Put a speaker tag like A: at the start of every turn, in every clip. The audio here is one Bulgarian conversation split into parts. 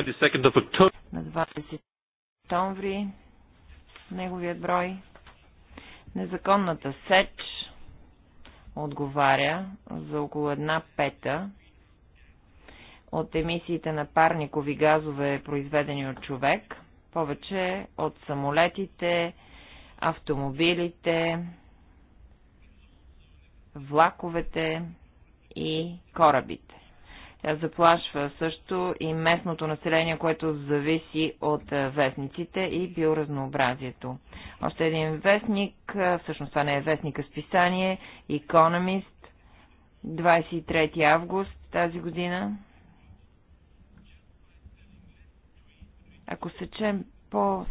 A: На 20
B: октомври неговият брой. Незаконната сеч отговаря за около една пета от емисиите на парникови газове, произведени от човек, повече от самолетите, автомобилите, влаковете и корабите. Тя заплашва също и местното население, което зависи от е, вестниците и биоразнообразието. Още един вестник, е, всъщност това не е вестник, а списание, Economist, 23 август тази година. Ако сечем по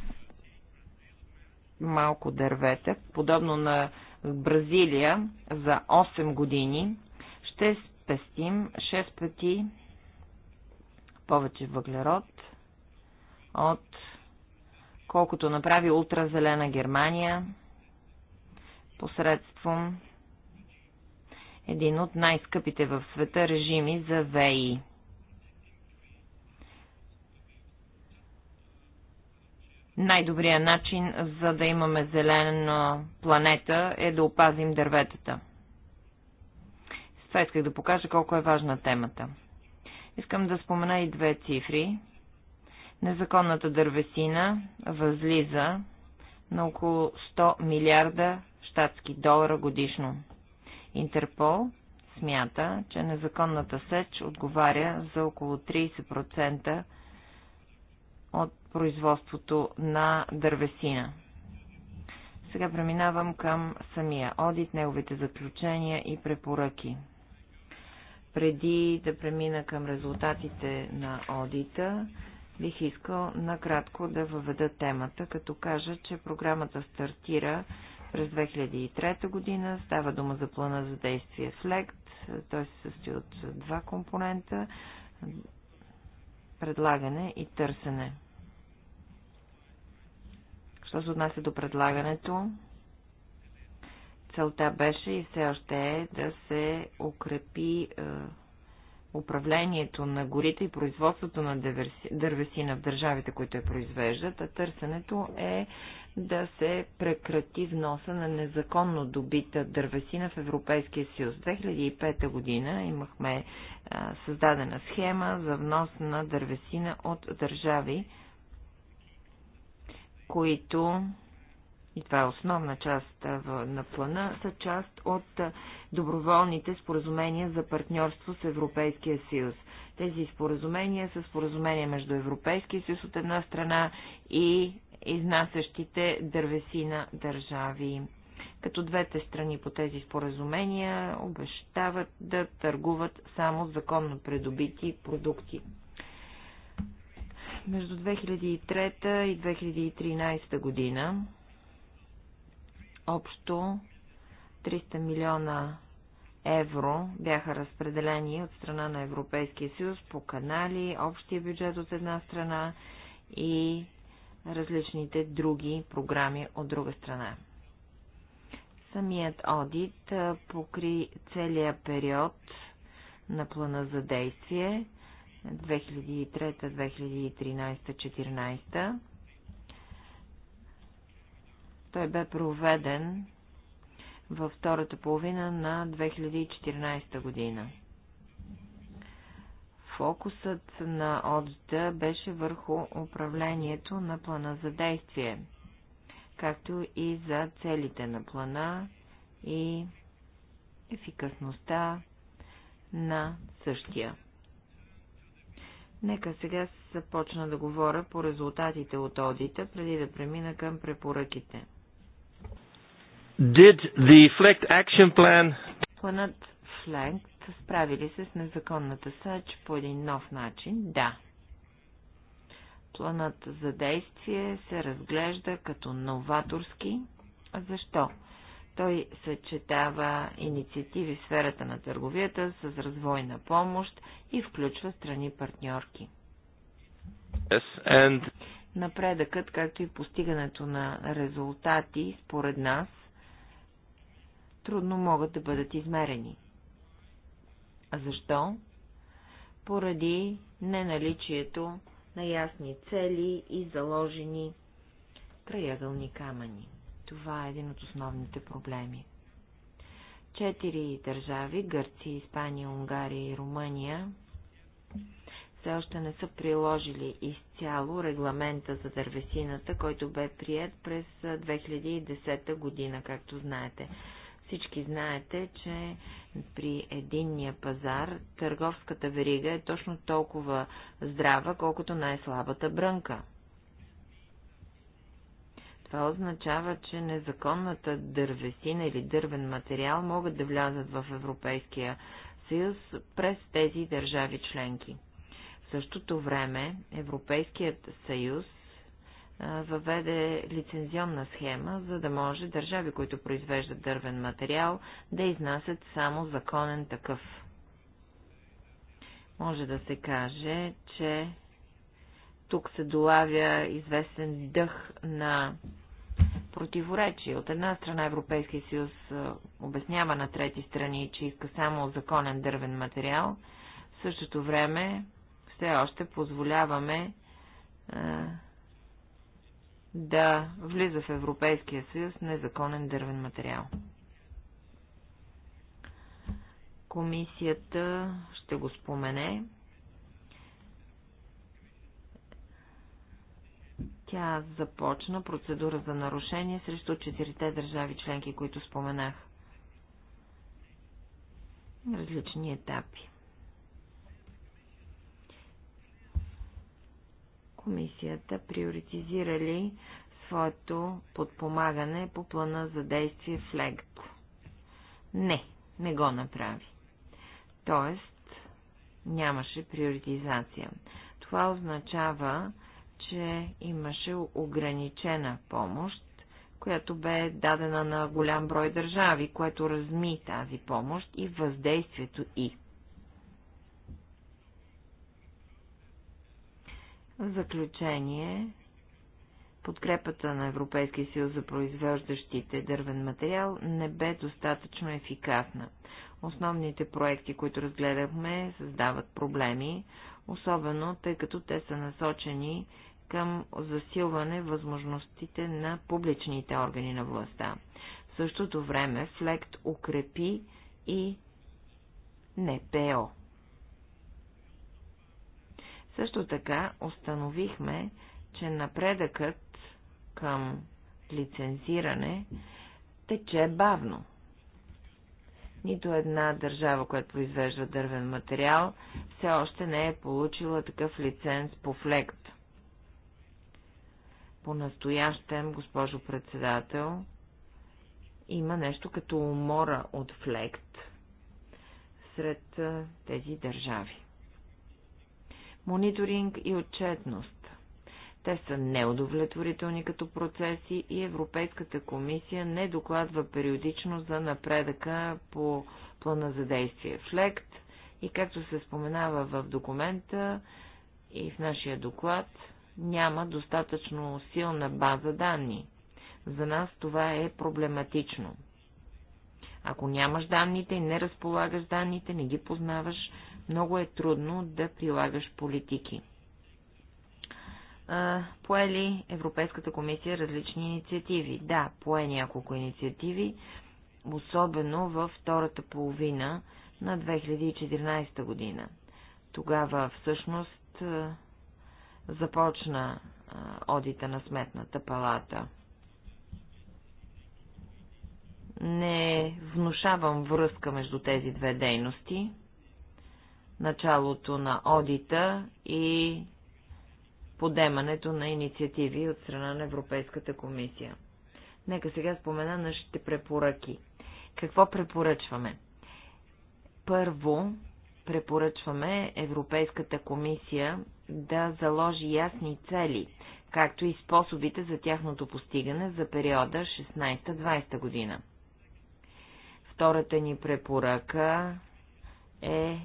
B: малко дървета, подобно на Бразилия, за 8 години, ще спестим 6 пъти повече въглерод от колкото направи ултразелена Германия посредством един от най-скъпите в света режими за ВИ. Най-добрият начин за да имаме зелена планета е да опазим дърветата. Това исках да покажа колко е важна темата. Искам да спомена и две цифри. Незаконната дървесина възлиза на около 100 милиарда щатски долара годишно. Интерпол смята, че незаконната сеч отговаря за около 30% от производството на дървесина. Сега преминавам към самия одит, неговите заключения и препоръки. Преди да премина към резултатите на одита, бих искал накратко да въведа темата, като кажа, че програмата стартира през 2003 година. Става дума за плана за действие СЛЕКТ. Той се състои от два компонента – предлагане и търсене. Що се отнася до предлагането, целта беше и все още е да се укрепи е, управлението на горите и производството на дървесина в държавите, които я произвеждат, а търсенето е да се прекрати вноса на незаконно добита дървесина в Европейския съюз. 2005 година имахме е, създадена схема за внос на дървесина от държави, които и това е основна част на плана, са част от доброволните споразумения за партньорство с Европейския съюз. Тези споразумения са споразумения между Европейския съюз от една страна и изнасящите дървесина държави. Като двете страни по тези споразумения обещават да търгуват само законно придобити продукти между 2003 и 2013 година Общо 300 милиона евро бяха разпределени от страна на Европейския съюз по канали, общия бюджет от една страна и различните други програми от друга страна. Самият одит покри целия период на плана за действие 2003-2013-2014 той бе проведен във втората половина на 2014 година. Фокусът на одита беше върху управлението на плана за действие, както и за целите на плана и ефикасността на същия. Нека сега започна да говоря по резултатите от одита, преди да премина към препоръките.
A: Did the FLECT action plan...
B: Планът FLECT справили се с незаконната сач по един нов начин? Да. Планът за действие се разглежда като новаторски. Защо? Той съчетава инициативи в сферата на търговията с развойна помощ и включва страни партньорки.
C: Yes, and...
B: Напредъкът, както и постигането на резултати, според нас, трудно могат да бъдат измерени. А защо? Поради неналичието на ясни цели и заложени краягълни камъни. Това е един от основните проблеми. Четири държави Гърция, Испания, Унгария и Румъния все още не са приложили изцяло регламента за дървесината, който бе прият през 2010 година, както знаете. Всички знаете, че при единния пазар търговската верига е точно толкова здрава, колкото най-слабата брънка. Това означава, че незаконната дървесина или дървен материал могат да влязат в Европейския съюз през тези държави членки. В същото време Европейският съюз въведе лицензионна схема, за да може държави, които произвеждат дървен материал, да изнасят само законен такъв. Може да се каже, че тук се долавя известен дъх на противоречие. От една страна Европейския съюз обяснява на трети страни, че иска само законен дървен материал. В същото време все още позволяваме да влиза в Европейския съюз незаконен дървен материал. Комисията ще го спомене. Тя започна процедура за нарушение срещу четирите държави членки, които споменах. Различни етапи. комисията приоритизирали своето подпомагане по плана за действие в ЛЕГТ. Не, не го направи. Тоест, нямаше приоритизация. Това означава, че имаше ограничена помощ, която бе дадена на голям брой държави, което разми тази помощ и въздействието и. В заключение, подкрепата на Европейския съюз за произвеждащите дървен материал не бе достатъчно ефикасна. Основните проекти, които разгледахме, създават проблеми, особено тъй като те са насочени към засилване възможностите на публичните органи на властта. В същото време ФЛЕКТ укрепи и НПО. Също така установихме, че напредъкът към лицензиране тече бавно. Нито една държава, която произвежда дървен материал, все още не е получила такъв лиценз по флект. По-настоящем, госпожо председател, има нещо като умора от флект сред тези държави мониторинг и отчетност. Те са неудовлетворителни като процеси и Европейската комисия не докладва периодично за напредъка по плана за действие ФЛЕКТ и както се споменава в документа и в нашия доклад, няма достатъчно силна база данни. За нас това е проблематично. Ако нямаш данните и не разполагаш данните, не ги познаваш, много е трудно да прилагаш политики. Поели Европейската комисия различни инициативи? Да, пое няколко инициативи, особено във втората половина на 2014 година. Тогава всъщност започна одита на сметната палата. Не внушавам връзка между тези две дейности, началото на одита и подемането на инициативи от страна на Европейската комисия. Нека сега спомена нашите препоръки. Какво препоръчваме? Първо, препоръчваме Европейската комисия да заложи ясни цели, както и способите за тяхното постигане за периода 16-20 година. Втората ни препоръка е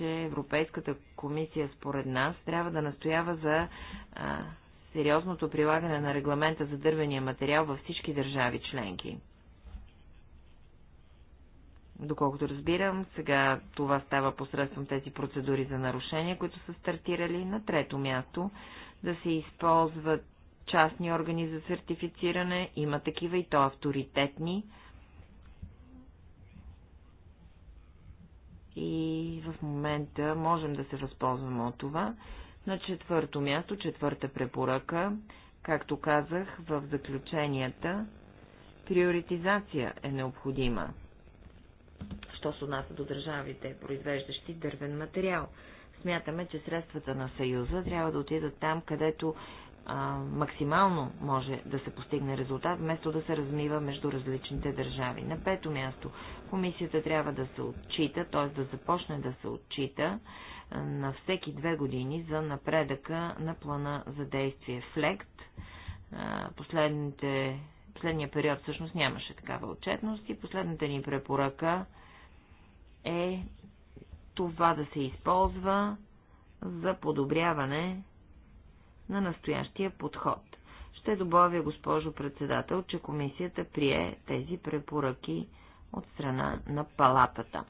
B: че Европейската комисия според нас трябва да настоява за а, сериозното прилагане на регламента за дървения материал във всички държави членки. Доколкото разбирам, сега това става посредством тези процедури за нарушения, които са стартирали. На трето място да се използват частни органи за сертифициране, има такива и то авторитетни, и в момента можем да се възползваме от това. На четвърто място, четвърта препоръка, както казах в заключенията, приоритизация е необходима. Що се отнася до държавите, произвеждащи дървен материал? Смятаме, че средствата на Съюза трябва да отидат там, където а, максимално може да се постигне резултат, вместо да се размива между различните държави. На пето място, комисията трябва да се отчита, т.е. да започне да се отчита на всеки две години за напредъка на плана за действие ФЛЕКТ. последния период всъщност нямаше такава отчетност и последната ни препоръка е това да се използва за подобряване на настоящия подход. Ще добавя, госпожо председател, че комисията прие тези препоръки от страна на палатата.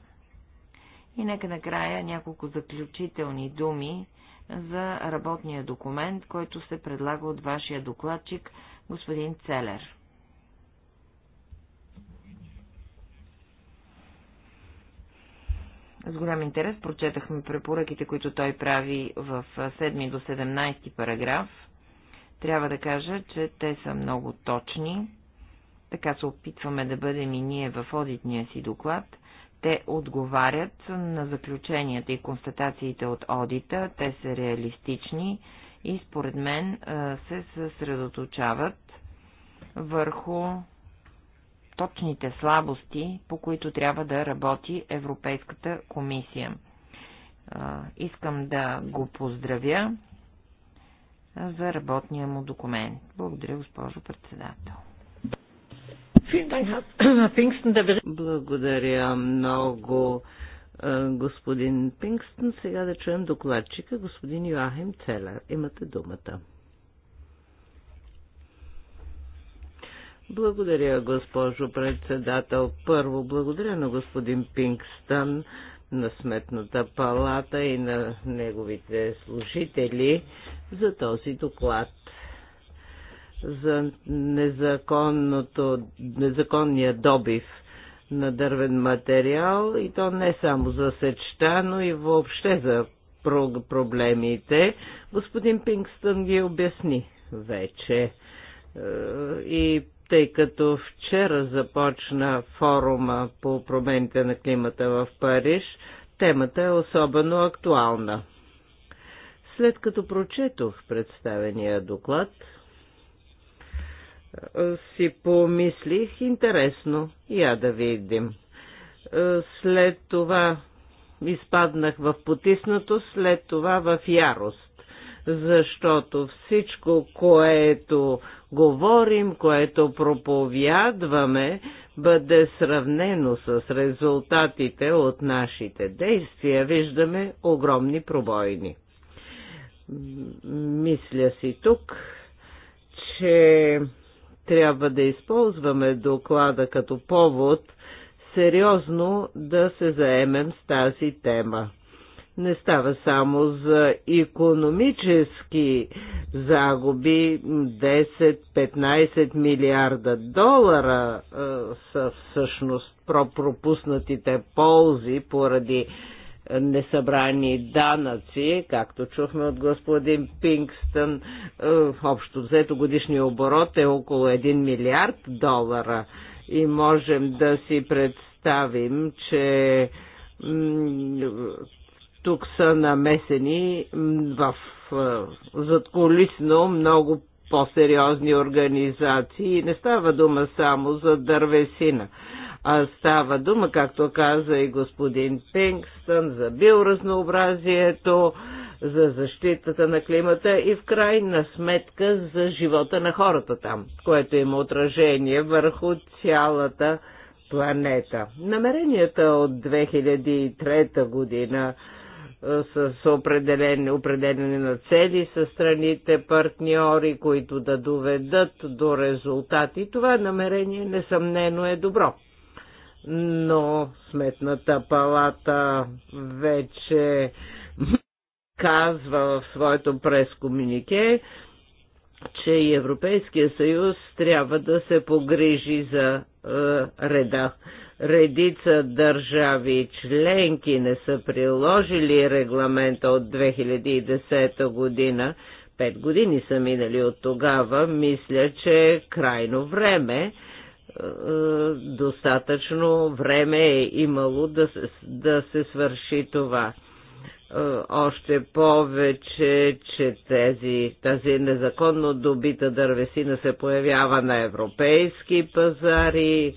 B: И нека накрая няколко заключителни думи за работния документ, който се предлага от вашия докладчик, господин Целер. С голям интерес прочетахме препоръките, които той прави в 7 до 17 параграф. Трябва да кажа, че те са много точни. Така се опитваме да бъдем и ние в одитния си доклад. Те отговарят на заключенията и констатациите от одита, те са реалистични и според мен се съсредоточават върху точните слабости, по които трябва да работи Европейската комисия. Искам да го поздравя за работния му документ. Благодаря, госпожо председател.
D: Благодаря много, господин Пингстън. Сега да чуем докладчика, господин Йоахим Целер. Имате думата. Благодаря, госпожо председател. Първо, благодаря на господин Пинкстън, на Сметната палата и на неговите служители за този доклад за незаконното, незаконния добив на дървен материал и то не само за сечта, но и въобще за проблемите. Господин Пингстън ги обясни вече е, и тъй като вчера започна форума по промените на климата в Париж, темата е особено актуална. След като прочетох представения доклад, си помислих, интересно, я да видим. След това изпаднах в потиснато, след това в ярост защото всичко, което говорим, което проповядваме, бъде сравнено с резултатите от нашите действия, виждаме огромни пробойни. Мисля си тук, че трябва да използваме доклада като повод сериозно да се заемем с тази тема. Не става само за економически загуби. 10-15 милиарда долара е, са всъщност пропуснатите ползи поради несъбрани данъци, както чухме от господин Пингстън, общо взето годишния оборот е около 1 милиард долара и можем да си представим, че тук са намесени в задколисно много по-сериозни организации не става дума само за дървесина. А става дума, както каза и господин Пингстън, за биоразнообразието, за защитата на климата и в крайна сметка за живота на хората там, което има отражение върху цялата планета. Намеренията от 2003 година с определени, определени на цели с страните партньори, които да доведат до резултати. Това намерение несъмнено е добро. Но Сметната палата вече казва в своето прескомюнике, че и Европейския съюз трябва да се погрижи за е, реда. Редица държави и членки не са приложили регламента от 2010 година. Пет години са минали от тогава. Мисля, че е крайно време е, достатъчно време е имало да, да се свърши това. Е, още повече, че тези, тази незаконно добита дървесина се появява на европейски пазари,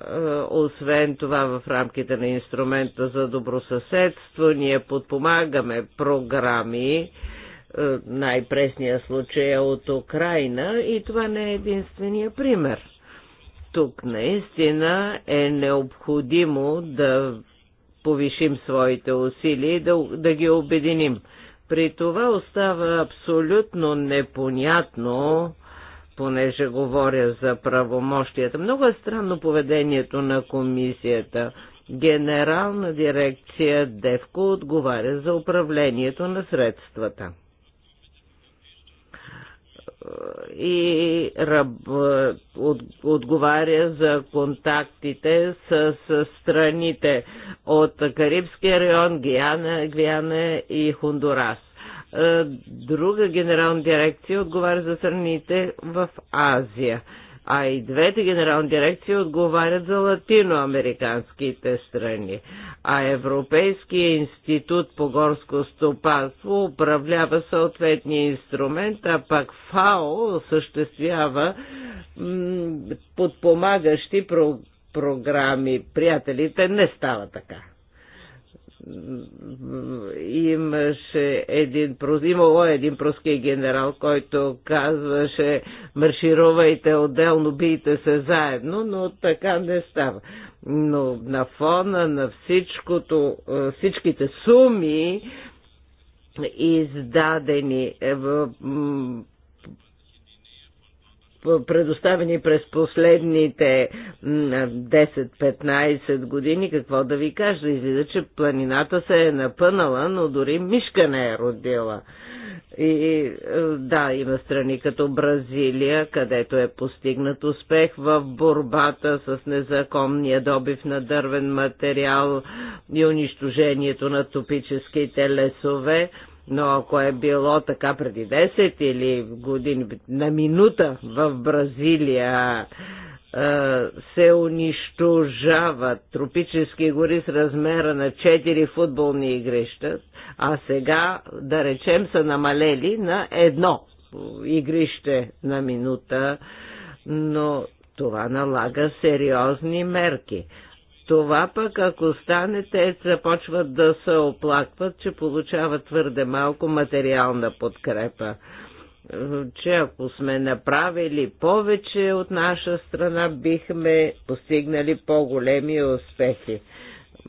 D: е, освен това, в рамките на инструмента за добросъседство, ние подпомагаме програми, е, най-пресния случай е от Украина и това не е единствения пример. Тук наистина е необходимо да повишим своите усилия и да, да ги обединим. При това остава абсолютно непонятно понеже говоря за правомощията. Много е странно поведението на комисията. Генерална дирекция ДЕВКО отговаря за управлението на средствата и от, отговаря за контактите с, с страните от Карибския район, Гиана, Гвиана и Хондурас. Е, друга генерална дирекция отговаря за страните в Азия, а и двете генерални дирекции отговарят за латиноамериканските страни, а Европейския институт по горско стопанство управлява съответния инструмент, а пак ФАО осъществява подпомагащи про програми. Приятелите, не става така имаше един, имало е един пруски генерал, който казваше марширувайте отделно, бийте се заедно, но така не става. Но на фона на всичкото, е, всичките суми, издадени предоставени през последните 10-15 години, какво да ви кажа, излиза, че планината се е напънала, но дори мишка не е родила. И е, да, има страни като Бразилия, където е постигнат успех в борбата с незаконния добив на дървен материал и унищожението на топическите лесове. Но ако е било така преди 10 или години на минута в Бразилия, се унищожават тропически гори с размера на 4 футболни игрища, а сега, да речем, са намалели на едно игрище на минута, но това налага сериозни мерки. Това пък, ако стане, те започват да се оплакват, че получават твърде малко материална подкрепа че ако сме направили повече от наша страна, бихме постигнали по-големи успехи.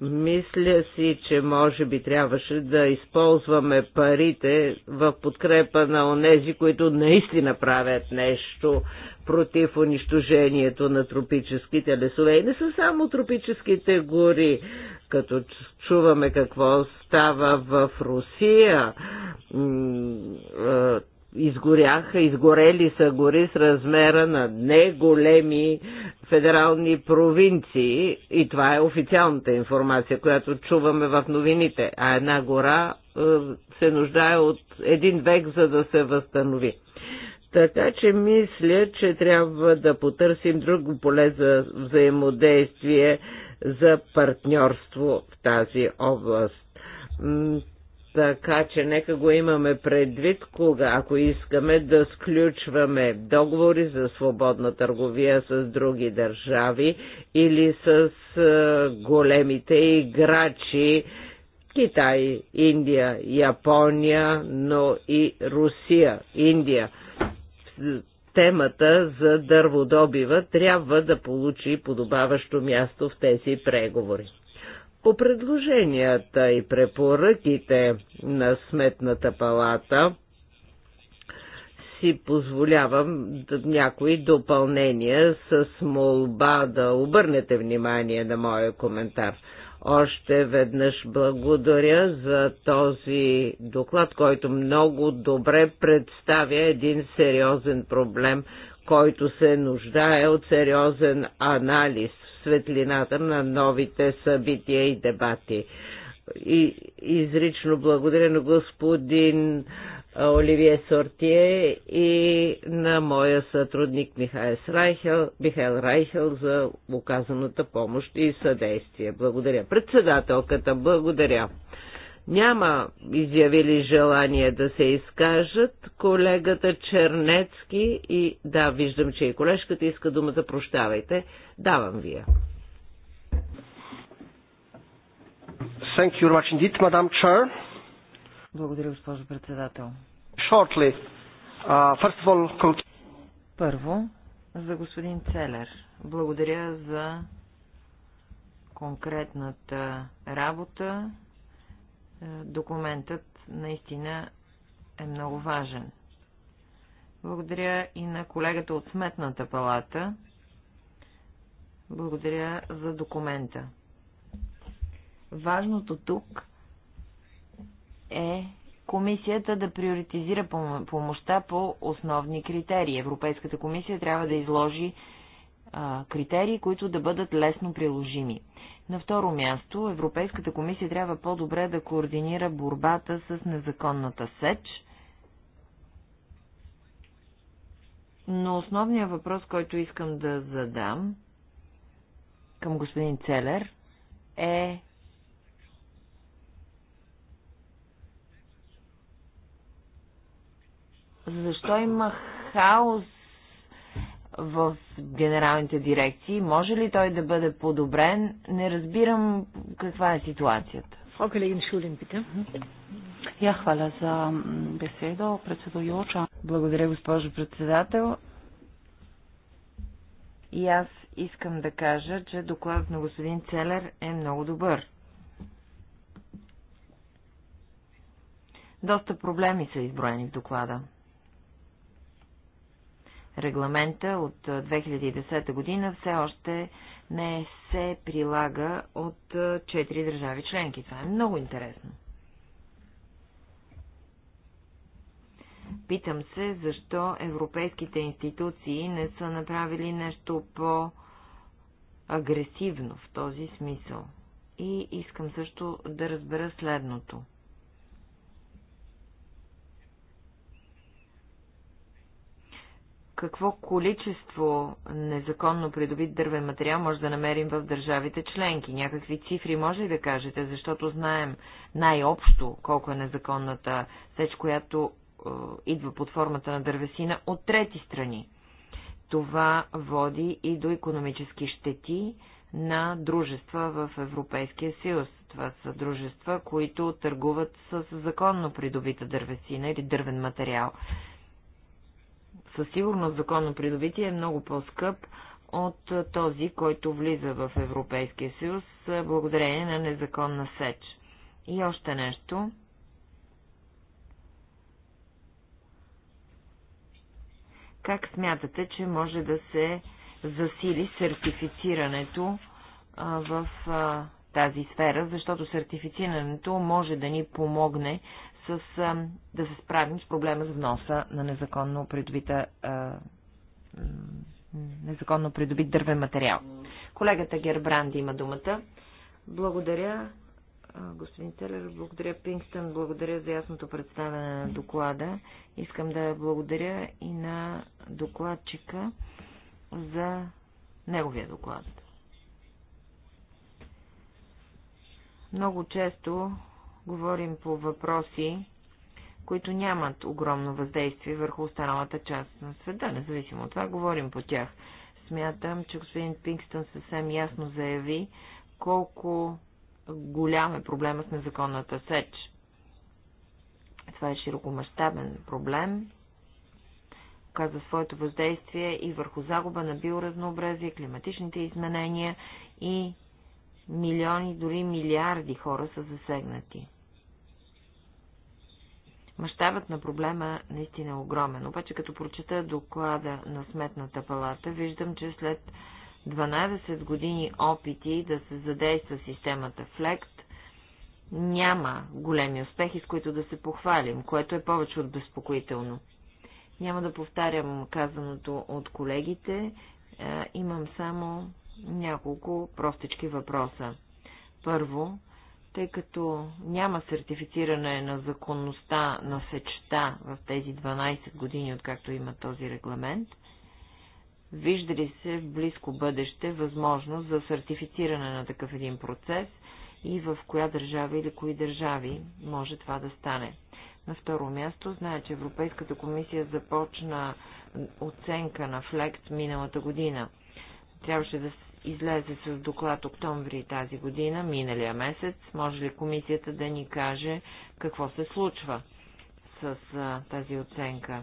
D: Мисля си, че може би трябваше да използваме парите в подкрепа на онези, които наистина правят нещо против унищожението на тропическите лесове. И не са само тропическите гори, като чуваме какво става в Русия. Изгоряха, изгорели са гори с размера на неголеми федерални провинции и това е официалната информация, която чуваме в новините, а една гора е, се нуждае от един век, за да се възстанови. Така че мисля, че трябва да потърсим друго поле за взаимодействие, за партньорство в тази област. Така че нека го имаме предвид, кога, ако искаме да сключваме договори за свободна търговия с други държави или с е, големите играчи Китай, Индия, Япония, но и Русия, Индия – темата за дърводобива трябва да получи подобаващо място в тези преговори. По предложенията и препоръките на Сметната палата си позволявам някои допълнения с молба да обърнете внимание на моя коментар – още веднъж благодаря за този доклад, който много добре представя един сериозен проблем, който се нуждае от сериозен анализ в светлината на новите събития и дебати. И изрично благодаря на господин Оливие Сортие и на моя сътрудник Райхел, Михайл Райхел за оказаната помощ и съдействие. Благодаря. Председателката, благодаря. Няма изявили желание да се изкажат колегата Чернецки и да, виждам, че и колежката иска думата, прощавайте, давам вие. Thank you very much indeed, Madam Chair.
B: Благодаря, госпожо председател. Shortly. Uh, first of all, Първо, за господин Целер. Благодаря за конкретната работа. Документът наистина е много важен. Благодаря и на колегата от Сметната палата. Благодаря за документа. Важното тук е комисията да приоритизира помощта по основни критерии. Европейската комисия трябва да изложи критерии, които да бъдат лесно приложими. На второ място, Европейската комисия трябва по-добре да координира борбата с незаконната сеч. Но основният въпрос, който искам да задам към господин Целер, е Защо има хаос в генералните дирекции? Може ли той да бъде подобрен? Не разбирам каква е ситуацията. Frau Kollegin Шулин, bitte. Ja, hvala za besedo, predsedujoča. Благодаря, госпожо председател. И аз искам да кажа, че докладът на господин Целер е много добър. Доста проблеми са изброени в доклада. Регламента от 2010 година все още не се прилага от четири държави членки. Това е много интересно. Питам се, защо европейските институции не са направили нещо по-агресивно в този смисъл. И искам също да разбера следното. какво количество незаконно придобит дървен материал може да намерим в държавите членки? Някакви цифри може ли да кажете, защото знаем най-общо колко е незаконната сеч, която е, идва под формата на дървесина от трети страни. Това води и до економически щети на дружества в Европейския съюз. Това са дружества, които търгуват с законно придобита дървесина или дървен материал със сигурност законно придобитие е много по-скъп от този, който влиза в Европейския съюз благодарение на незаконна сеч. И още нещо. Как смятате, че може да се засили сертифицирането в тази сфера, защото сертифицирането може да ни помогне с, да се справим с проблема с вноса на незаконно придобита незаконно придобит дървен материал. Колегата Гербранди има думата. Благодаря, господин Телер, благодаря Пингстън, благодаря за ясното представяне на доклада. Искам да благодаря и на докладчика за неговия доклад. Много често говорим по въпроси, които нямат огромно въздействие върху останалата част на света. Независимо от това, говорим по тях. Смятам, че господин Пинкстън съвсем ясно заяви колко голям е проблема с незаконната сеч. Това е широкомащабен проблем, казва своето въздействие и върху загуба на биоразнообразие, климатичните изменения и милиони, дори милиарди хора са засегнати. Мащабът на проблема наистина е огромен. Обаче, като прочета доклада на Сметната палата, виждам, че след 12 години опити да се задейства системата ФЛЕКТ, няма големи успехи, с които да се похвалим, което е повече от безпокоително. Няма да повтарям казаното от колегите, е, имам само няколко простички въпроса. Първо, тъй като няма сертифициране на законността на сечта в тези 12 години, откакто има този регламент, вижда ли се в близко бъдеще възможност за сертифициране на такъв един процес и в коя държава или кои държави може това да стане? На второ място, знае, че Европейската комисия започна оценка на ФЛЕКТ миналата година. Трябваше да се излезе с доклад октомври тази година, миналия месец, може ли комисията да ни каже какво се случва с а, тази оценка?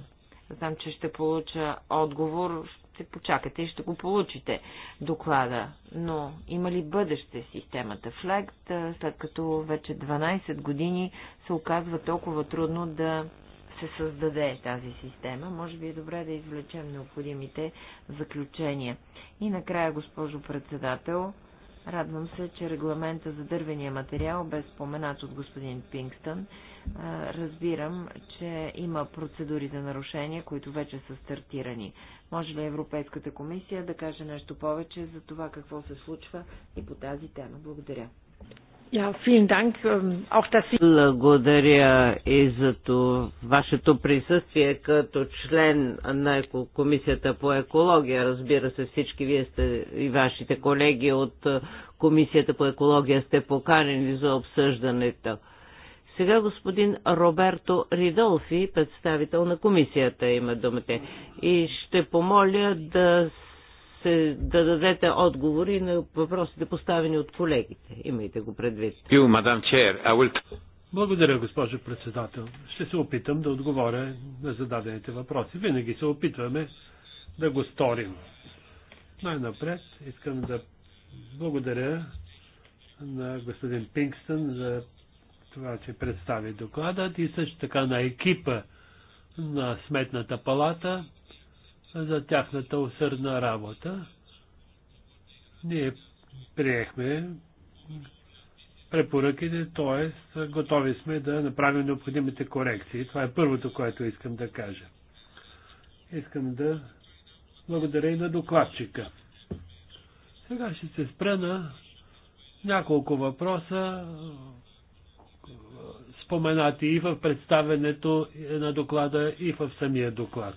B: Знам, че ще получа отговор, ще почакате и ще го получите доклада, но има ли бъдеще системата FLEGT, след като вече 12 години се оказва толкова трудно да се създаде тази система. Може би е добре да извлечем необходимите заключения. И накрая, госпожо председател, радвам се, че регламента за дървения материал бе споменат от господин Пингстън. Разбирам, че има процедури за нарушения, които вече са стартирани. Може ли Европейската комисия да каже нещо повече за това какво се случва и по тази тема? Благодаря.
D: Ja, vielen Dank, ähm, auch dass Sie... Благодаря и за вашето присъствие като член на Комисията по екология. Разбира се, всички вие сте и вашите колеги от е, Комисията по екология сте поканени за обсъждането. Сега господин Роберто Ридолфи, представител на комисията, има думата. И ще помоля да се, да дадете отговори на въпросите
A: поставени от колегите. Имайте го предвид. Благодаря, госпожо председател. Ще се опитам да отговоря на зададените въпроси. Винаги се опитваме да го сторим. Най-напред искам да благодаря на господин Пингстън за това, че представи докладът и също така на екипа на Сметната палата, за тяхната усърдна работа. Ние приехме препоръките, т.е. готови сме да направим необходимите корекции. Това е първото, което искам да кажа. Искам да благодаря и на докладчика. Сега ще се спра на няколко въпроса, споменати и в представенето на доклада, и в самия доклад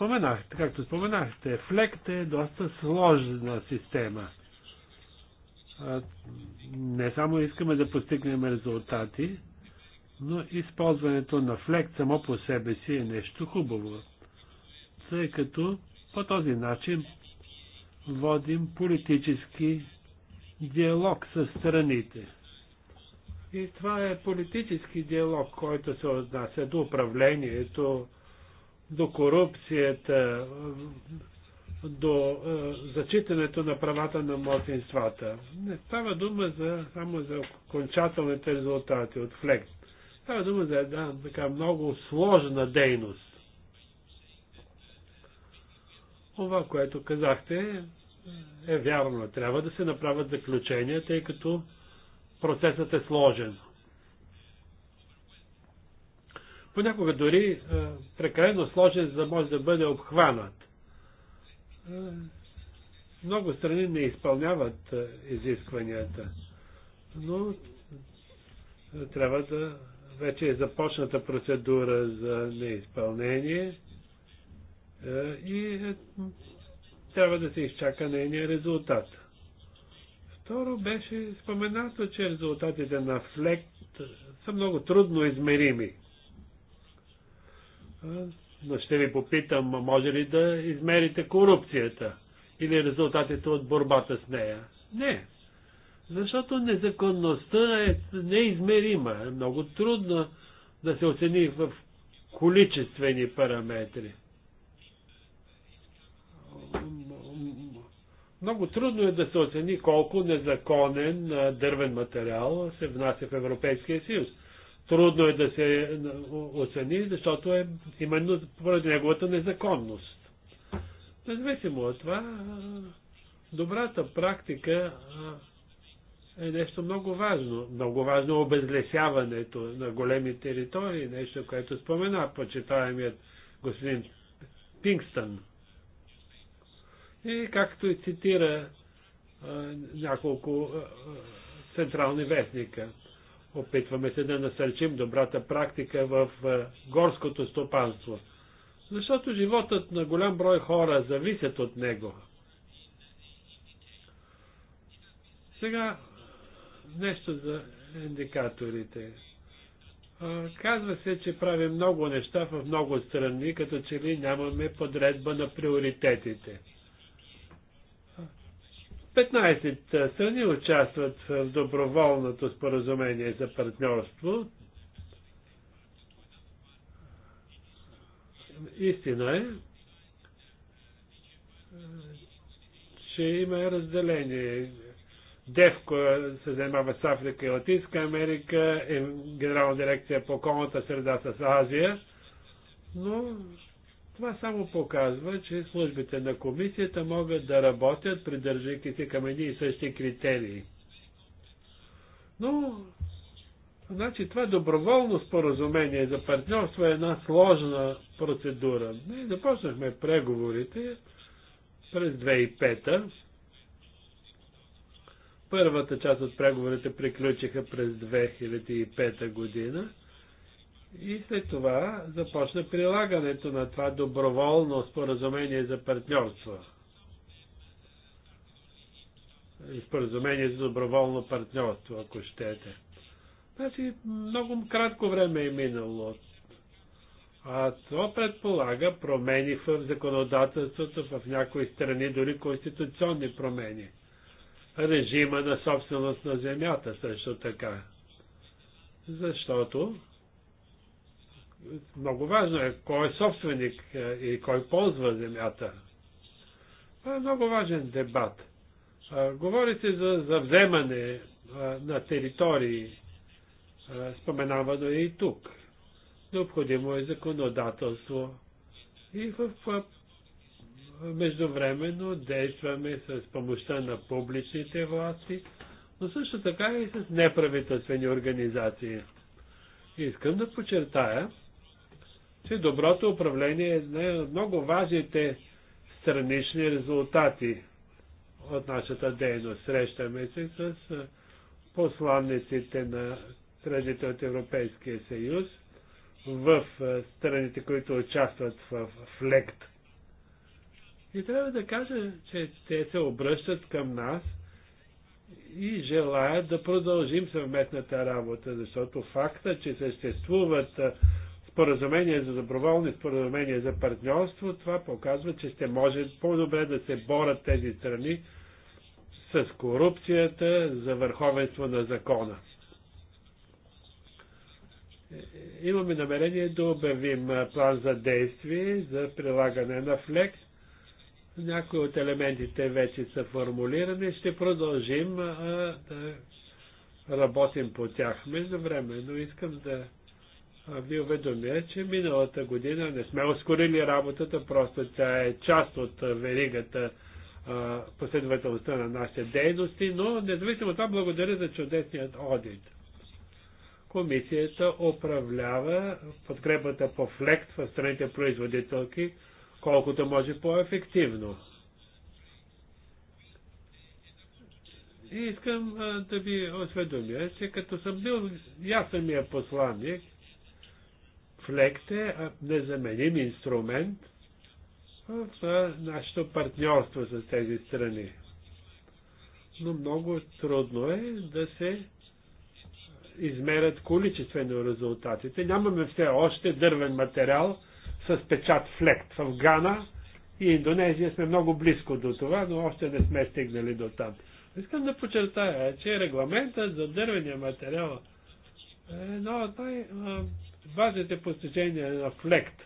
A: споменахте, както споменахте, флект е доста сложна система. Не само искаме да постигнем резултати, но използването на флект само по себе си е нещо хубаво, тъй като по този начин водим политически диалог с страните. И това е политически диалог, който се отнася до управлението, до корупцията, до е, зачитането на правата на младсинствата. Не става дума за, само за окончателните резултати от флекс. Става дума за една така много сложна дейност. Това, което казахте, е вярно. Трябва да се направят заключения, тъй като процесът е сложен понякога дори е, прекалено сложен, за да може да бъде обхванат. Е, много страни не изпълняват е, изискванията, но трябва да вече е започната процедура за неизпълнение и трябва да се изчака нейния резултат. Второ беше споменато, че резултатите на флект са много трудно измерими но ще ви попитам, може ли да измерите корупцията или резултатите от борбата с нея? Не. Защото незаконността е неизмерима. Е много трудно да се оцени в количествени параметри. Много трудно е да се оцени колко незаконен дървен материал се внася в Европейския съюз трудно е да се оцени, защото е именно поради неговата незаконност. Независимо от това, добрата практика е нещо много важно. Много важно е обезлесяването на големи територии, нещо, което спомена почитаемият господин Пингстън. И както и цитира няколко централни вестника. Опитваме се да насърчим добрата практика в е, горското стопанство, защото животът на голям брой хора зависят от него. Сега нещо за индикаторите. Казва се, че правим много неща в много страни, като че ли нямаме подредба на приоритетите. 15 страни участват в доброволното споразумение за партньорство. Истина е, че има разделение. Девко се занимава с Африка и Латинска Америка, е генерална дирекция по околната среда с Азия, но това само показва, че службите на комисията могат да работят, придържайки се към едни и същи критерии. Но, значи, това доброволно споразумение за партньорство е една сложна процедура. Ние започнахме преговорите през 2005-та. Първата част от преговорите приключиха през 2005 година. И след това започна прилагането на това доброволно споразумение за партньорство. Споразумение за доброволно партньорство, ако щете. Значи много кратко време е минало. А това предполага промени в законодателството в някои страни, дори конституционни промени. Режима на собственост на земята също така. Защото много важно е кой е собственик е, и кой ползва земята. Това е много важен дебат. Говорите за, за вземане на територии, споменавано е и тук. Необходимо е законодателство и в, в междувременно действаме с помощта на публичните власти, но също така и с неправителствени организации. Искам да подчертая, че доброто управление е една от много важните странични резултати от нашата дейност. Срещаме се с посланниците на страните от Европейския съюз в страните, които участват в ФЛЕКТ. И трябва да кажа, че те се обръщат към нас и желаят да продължим съвместната работа, защото факта, че съществуват споразумение за доброволни, споразумение за партньорство, това показва, че ще може по-добре да се борят тези страни с корупцията за върховенство на закона. Имаме намерение да обявим план за действие за прилагане на ФЛЕКС. Някои от елементите вече са формулирани. Ще продължим да работим по тях. Между време, но искам да ви уведомя, че миналата година не сме ускорили работата, просто тя е част от веригата последователността на нашите дейности, но независимо от това благодаря за чудесният одит. Комисията управлява подкрепата по флект в страните производителки, колкото може по-ефективно. И искам а, да ви осведомя, че като съм бил, я самия посланник, Флект е незаменим инструмент в нашето партньорство с тези страни. Но много трудно е да се измерят количествено резултатите. Нямаме все още дървен материал с печат флект в Гана и Индонезия сме много близко до това, но още не сме стигнали до там. Искам да подчертая, че регламентът за дървения материал е едно от най- важните постижения на флект.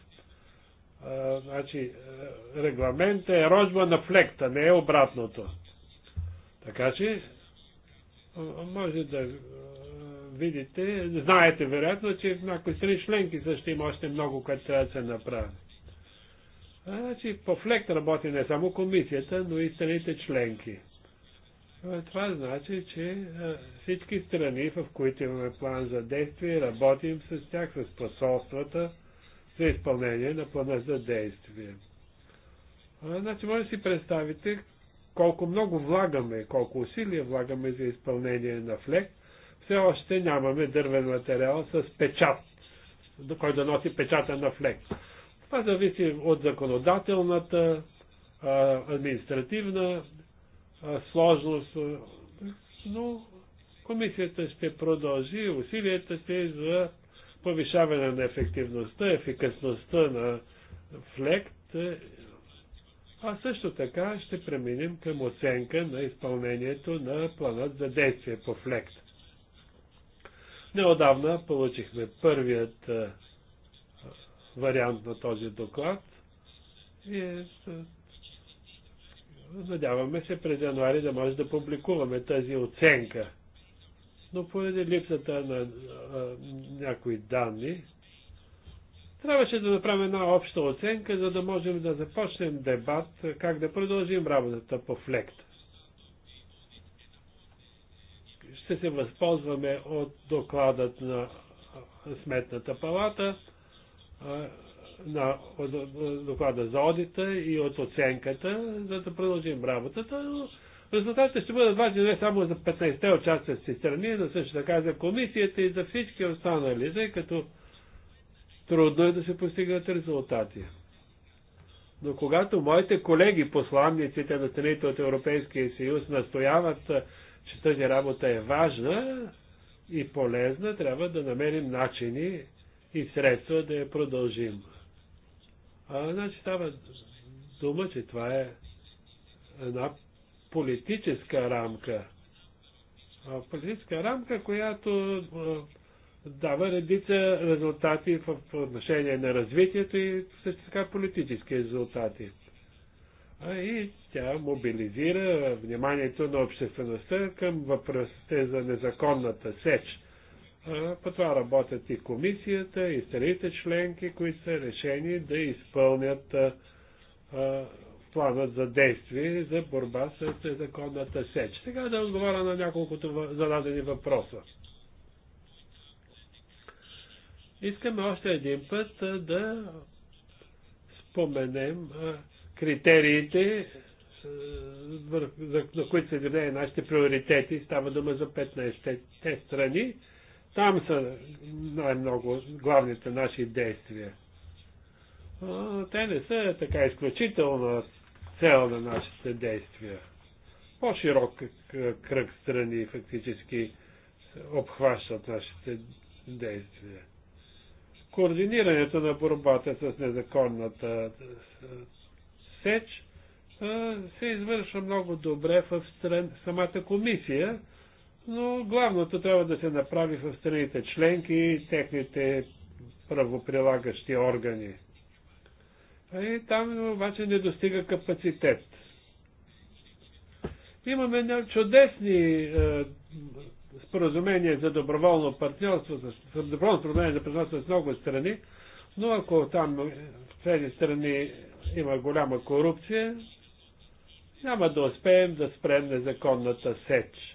A: А, значи, е, регламент е рожба на флекта, не е обратното. Така че, може да видите, знаете вероятно, че в някои страни членки също има още много, което трябва да се направи. Значи, по флект работи не само комисията, но и страните членки. Е, това значи, че е, всички страни, в които имаме план за действие, работим с тях, с посолствата за изпълнение на плана за действие. Значи, може да си представите колко много влагаме, колко усилия влагаме за изпълнение на флек. Все още нямаме дървен материал с печат, който да носи печата на флек. Това зависи от законодателната, административна сложност, но комисията ще продължи усилията си е за повишаване на ефективността, ефикасността на флект, а също така ще преминем към оценка на изпълнението на планът за действие по флект. Неодавна получихме първият вариант на този доклад и е надяваме се през януари да може да публикуваме тази оценка. Но поради липсата на а, някои данни, трябваше да направим една обща оценка, за да можем да започнем дебат как да продължим работата по флект. Ще се възползваме от докладът на Сметната палата на доклада за одита и от оценката, за да продължим работата, но резултатите ще бъдат важни не само за 15-те участващи страни, но също така за комисията и за всички останали, тъй като трудно е да се постигнат резултати. Но когато моите колеги, посланниците на страните от Европейския съюз, настояват, че тази работа е важна и полезна, трябва да намерим начини и средства да я продължим. А, значи става дума, че това е една политическа рамка. А, политическа рамка, която а, дава редица резултати в отношение на развитието и също така политически резултати. А, и тя мобилизира вниманието на обществеността към въпросите за незаконната сеч по това работят и комисията, и страните членки, които са решени да изпълнят планът за действие за борба с незаконната сеч. Сега да отговоря на няколкото зададени въпроса. Искаме още един път да споменем критериите, на които се являе нашите приоритети. Става дума за 15-те страни там са най-много главните наши действия. Те не са така изключителна цел на нашите действия. По-широк кръг страни фактически обхващат нашите действия. Координирането на борбата с незаконната сеч се извършва много добре в стран... самата комисия но главното трябва да се направи в страните членки и техните правоприлагащи органи. И там обаче не достига капацитет. Имаме чудесни е, споразумения за доброволно партньорство, за доброволно споразумение за партньорство с много страни, но ако там е, в тези страни има голяма корупция, няма да успеем да спрем незаконната сеч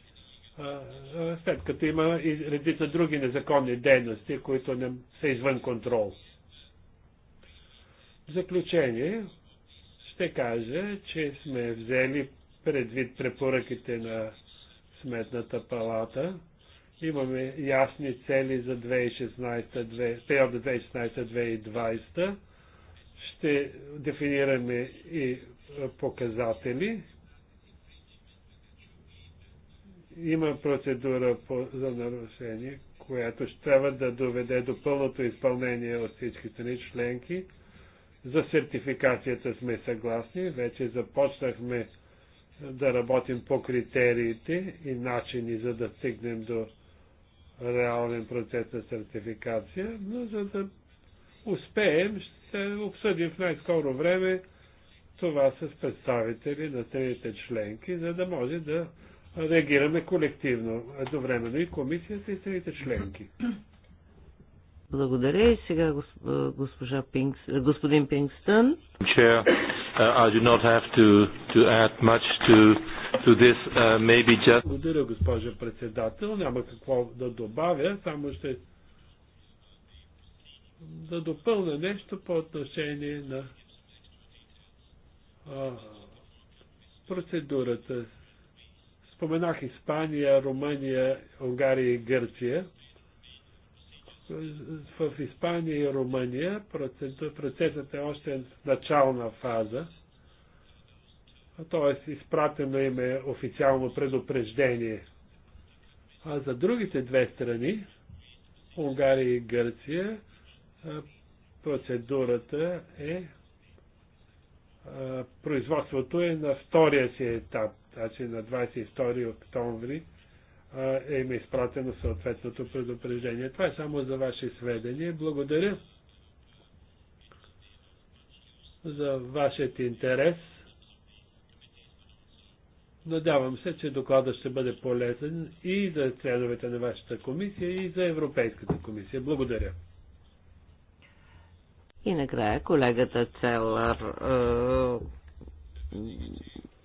A: след като има и редица други незаконни дейности, които не са извън контрол. В заключение ще кажа, че сме взели предвид препоръките на Сметната палата. Имаме ясни цели за 2016, периода 2016-2020. Ще дефинираме и показатели, има процедура по, за нарушение, която ще трябва да доведе до пълното изпълнение от всички страни членки. За сертификацията сме съгласни. Вече започнахме да работим по критериите и начини, за да стигнем до реален процес на сертификация, но за да успеем, ще обсъдим в най-скоро време това с представители на страните членки, за да може да реагираме колективно, едновременно и комисията и страните членки.
D: Благодаря и сега госпожа Пингс, господин Пингстън.
A: Chair, uh, I do not have to, to add much to, to this, uh, maybe just... Благодаря, госпожа председател. Няма какво да добавя, само ще да допълня нещо по отношение на а, процедурата. Споменах Испания, Румъния, Унгария и Гърция. В Испания и Румъния процесът е още начална фаза, т.е. изпратено им е официално предупреждение. А за другите две страни, Унгария и Гърция, процедурата е производството е на втория си етап. Значи на 22 октомври е им е изпратено съответното предупреждение. Това е само за ваше сведение. Благодаря за вашият интерес. Надявам се, че докладът ще бъде полезен и за членовете на вашата комисия, и за Европейската комисия. Благодаря.
D: И накрая колегата Целър е,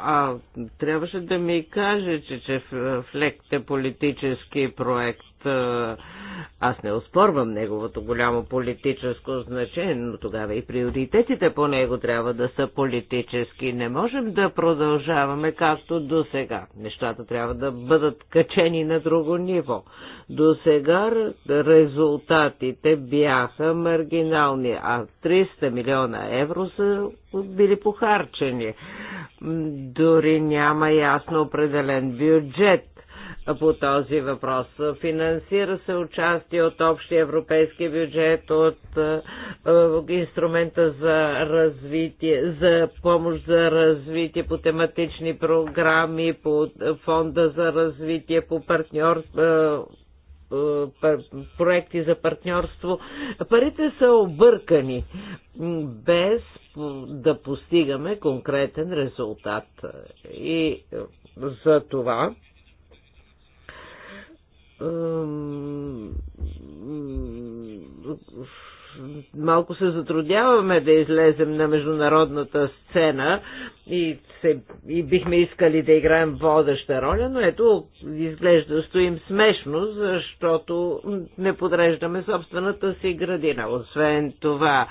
D: А, трябваше да ми каже, че, че Флект е политически проект. Аз не оспорвам неговото голямо политическо значение, но тогава и приоритетите по него трябва да са политически. Не можем да продължаваме както до сега. Нещата трябва да бъдат качени на друго ниво. До сега резултатите бяха маргинални, а 300 милиона евро са били похарчени. Дори няма ясно определен бюджет по този въпрос. Финансира се участие от общия европейски бюджет, от е, е, инструмента за развитие, за помощ за развитие по тематични програми, по фонда за развитие, по партньорство е, е, проекти за партньорство. Парите са объркани, без да постигаме конкретен резултат. И за това малко се затрудяваме да излезем на международната сцена и, се, и бихме искали да играем водеща роля, но ето изглежда стоим смешно, защото не подреждаме собствената си градина. Освен това,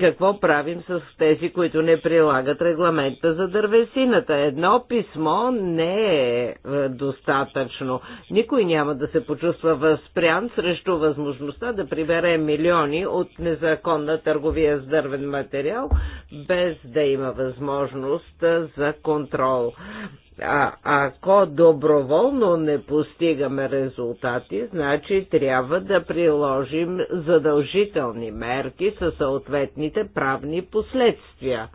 D: какво правим с тези, които не прилагат регламента за дървесината? Едно писмо не е, е достатъчно. Никой няма да се почувства възпрян срещу възможността да прибере милиони от незаконна търговия с дървен материал, без да има възможност за контрол. А, ако доброволно не постигаме резултати, значи трябва да приложим задължителни мерки със съответните правни последствия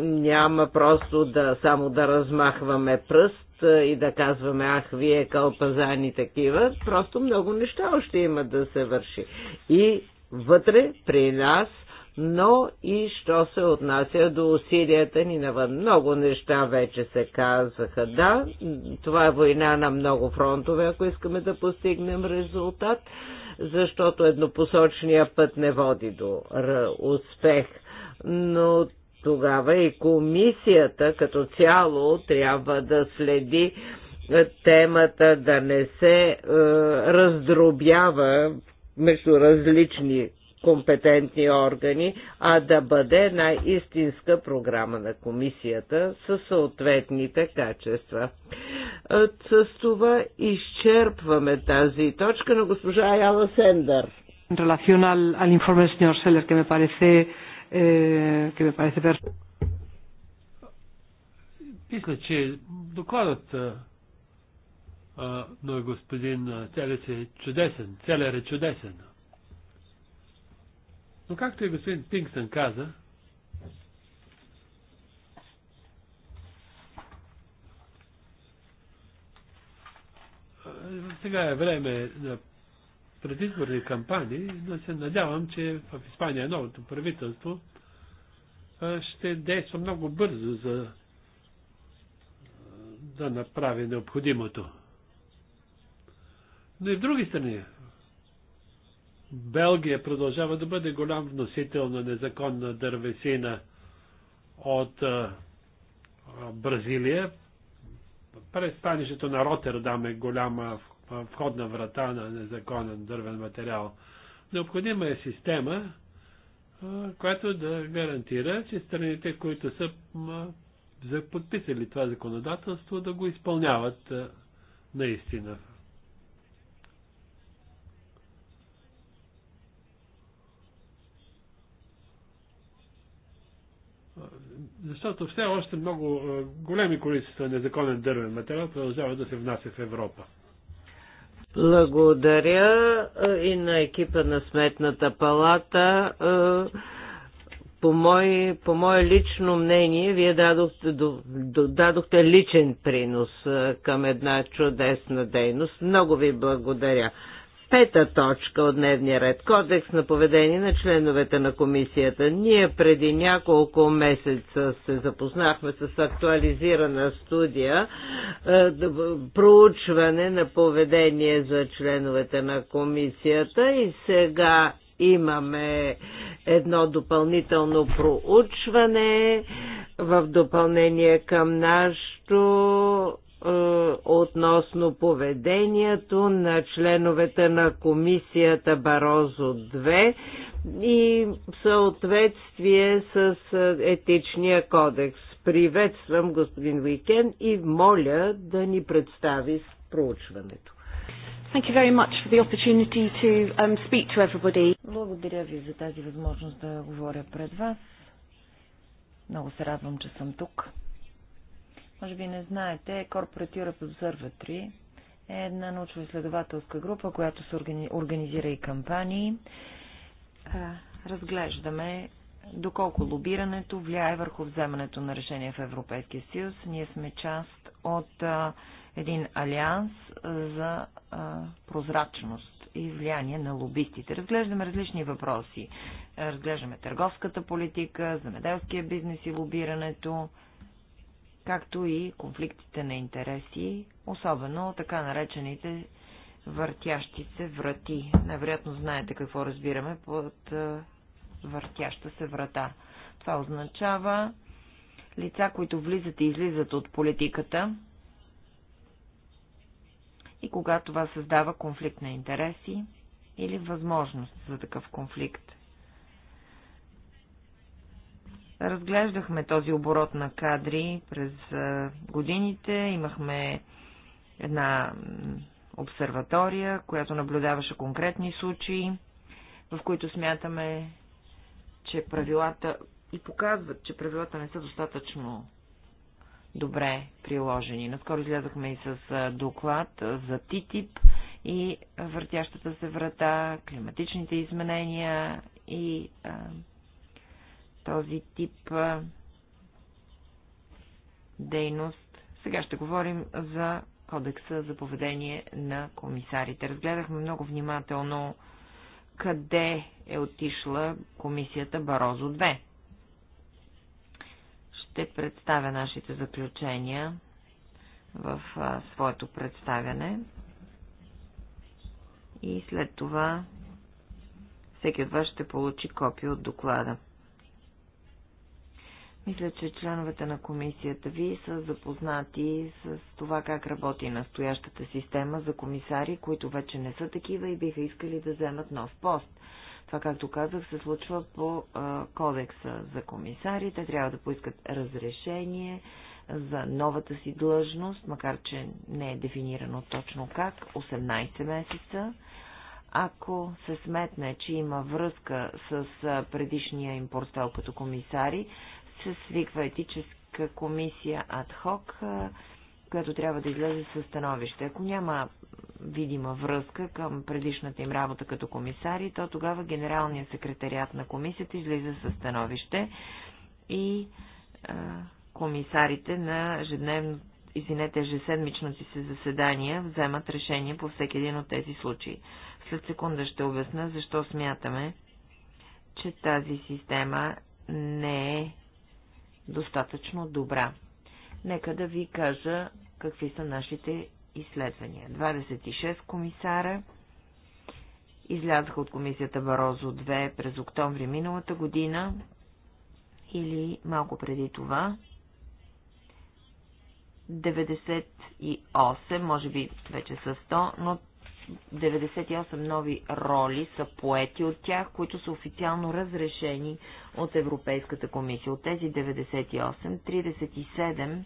D: няма просто да само да размахваме пръст и да казваме, ах, вие кълпазани такива, просто много неща още има да се върши. И вътре при нас но и що се отнася до усилията ни навън. Много неща вече се казаха. Да, това е война на много фронтове, ако искаме да постигнем резултат, защото еднопосочния път не води до успех. Но тогава и комисията като цяло трябва да следи е, темата да не се е, раздробява между различни компетентни органи, а да бъде една истинска програма на комисията със съответните качества. С това изчерпваме тази точка на госпожа Аяла Сендър. En relación al, al eh,
A: Мисля, че докладът на господин Целец е чудесен. Целер е чудесен. А, но както и господин Пинксън каза, сега е време на предизборни кампании, но се надявам, че в Испания новото правителство ще действа много бързо за да направи необходимото. Но и в други страни, Белгия продължава да бъде голям вносител на незаконна дървесина от Бразилия. Престанището на Ротердам е голяма входна врата на незаконен дървен материал. Необходима е система, която да гарантира, че страните, които са подписали това законодателство, да го изпълняват наистина Защото все още много е, големи количества незаконен дървен материал продължава да се внася в Европа.
D: Благодаря е, и на екипа на Сметната
A: палата.
D: Е, по мое, по мое лично мнение, вие дадохте, дадохте личен принос към една чудесна дейност. Много ви благодаря пета точка от дневния ред. Кодекс на поведение на членовете на комисията. Ние преди няколко месеца се запознахме с актуализирана студия, е, проучване на поведение за членовете на комисията и сега имаме едно допълнително проучване в допълнение към нашето е, относно поведението на членовете на комисията Барозо 2 и съответствие с е, етичния кодекс. Приветствам господин Уикен и моля да ни представи проучването.
B: Thank you very much for the opportunity to um, speak to everybody. Благодаря ви за тази възможност да говоря пред вас. Много се радвам, че съм тук. Може би не знаете, Corporate Europe Observatory е една научно-изследователска група, която се организира и кампании. Разглеждаме доколко лобирането влияе върху вземането на решения в Европейския съюз. Ние сме част от един алианс за прозрачност и влияние на лобистите. Разглеждаме различни въпроси. Разглеждаме търговската политика, замеделския бизнес и лобирането, както и конфликтите на интереси, особено така наречените въртящи се врати. Невероятно знаете какво разбираме под въртяща се врата. Това означава лица, които влизат и излизат от политиката и когато това създава конфликт на интереси или възможност за такъв конфликт. Разглеждахме този оборот на кадри през годините. Имахме една обсерватория, която наблюдаваше конкретни случаи, в които смятаме, че правилата и показват, че правилата не са достатъчно добре приложени. Наскоро излязохме и с доклад за ТИТИП и въртящата се врата, климатичните изменения и този тип дейност. Сега ще говорим за кодекса за поведение на комисарите. Разгледахме много внимателно къде е отишла комисията Барозо 2. Ще представя нашите заключения в а, своето представяне и след това всеки от вас ще получи копия от доклада. Мисля, че членовете на комисията ви са запознати с това как работи настоящата система за комисари, които вече не са такива и биха искали да вземат нов пост. Това, както казах, се случва по а, кодекса за комисари. Те трябва да поискат разрешение за новата си длъжност, макар че не е дефинирано точно как, 18 месеца. Ако се сметне, че има връзка с предишния им портфел като комисари, се свиква етическа комисия адхок, която трябва да излезе със становище. Ако няма видима връзка към предишната им работа като комисари, то тогава генералният секретариат на комисията излиза със становище и а, комисарите на ежедневно, извинете, ежеседмичното си заседания вземат решение по всеки един от тези случаи. След секунда ще обясна защо смятаме, че тази система не е достатъчно добра. Нека да ви кажа какви са нашите изследвания. 26 комисара излязаха от комисията Барозо 2 през октомври миналата година или малко преди това. 98, може би вече са 100, но 98 нови роли са поети от тях, които са официално разрешени от Европейската комисия. От тези 98, 37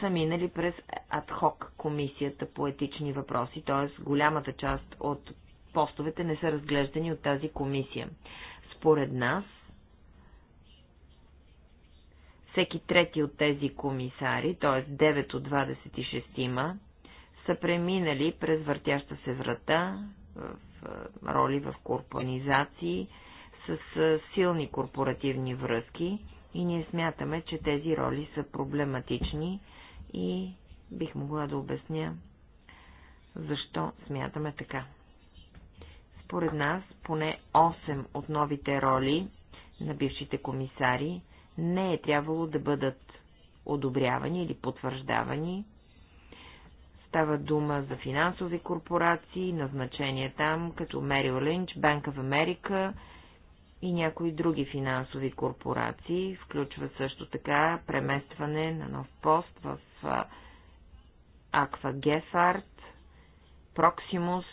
B: са минали през адхок комисията по етични въпроси, т.е. голямата част от постовете не са разглеждани от тази комисия. Според нас, всеки трети от тези комисари, т.е. 9 от 26 има, са преминали през въртяща се врата в роли в корпоранизации с силни корпоративни връзки и ние смятаме, че тези роли са проблематични и бих могла да обясня защо смятаме така. Според нас поне 8 от новите роли на бившите комисари не е трябвало да бъдат одобрявани или потвърждавани Става дума за финансови корпорации, назначения там, като Мерил Линч, Банк в Америка и някои други финансови корпорации. Включва също така преместване на нов пост в Аква Гесарт Проксимус,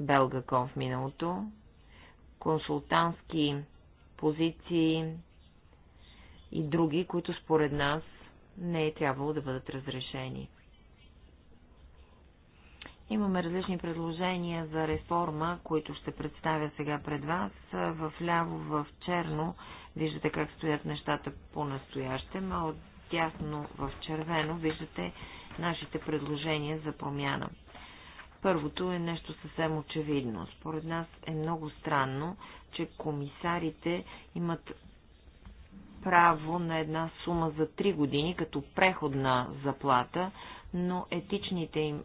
B: Белгакон в миналото, консултантски позиции и други, които според нас не е трябвало да бъдат разрешени. Имаме различни предложения за реформа, които ще представя сега пред вас. В ляво, в черно, виждате как стоят нещата по-настоящем, а от дясно в червено виждате нашите предложения за промяна. Първото е нещо съвсем очевидно. Според нас е много странно, че комисарите имат право на една сума за 3 години като преходна заплата, но етичните им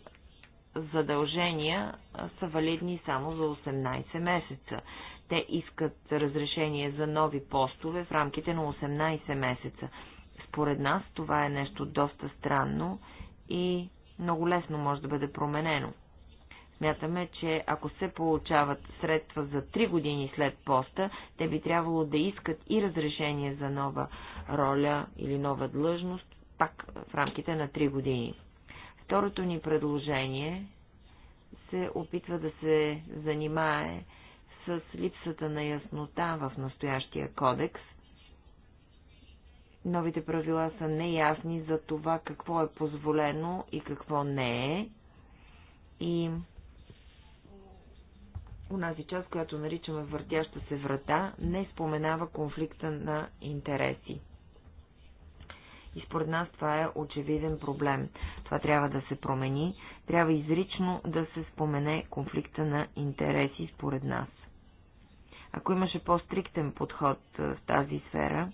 B: задължения са валидни само за 18 месеца. Те искат разрешение за нови постове в рамките на 18 месеца. Според нас това е нещо доста странно и много лесно може да бъде променено. Смятаме, че ако се получават средства за 3 години след поста, те би трябвало да искат и разрешение за нова роля или нова длъжност, пак в рамките на 3 години. Второто ни предложение се опитва да се занимае с липсата на яснота в настоящия кодекс. Новите правила са неясни за това какво е позволено и какво не е. И унази част, която наричаме въртяща се врата, не споменава конфликта на интереси. И според нас това е очевиден проблем. Това трябва да се промени. Трябва изрично да се спомене конфликта на интереси, според нас. Ако имаше по-стриктен подход в тази сфера,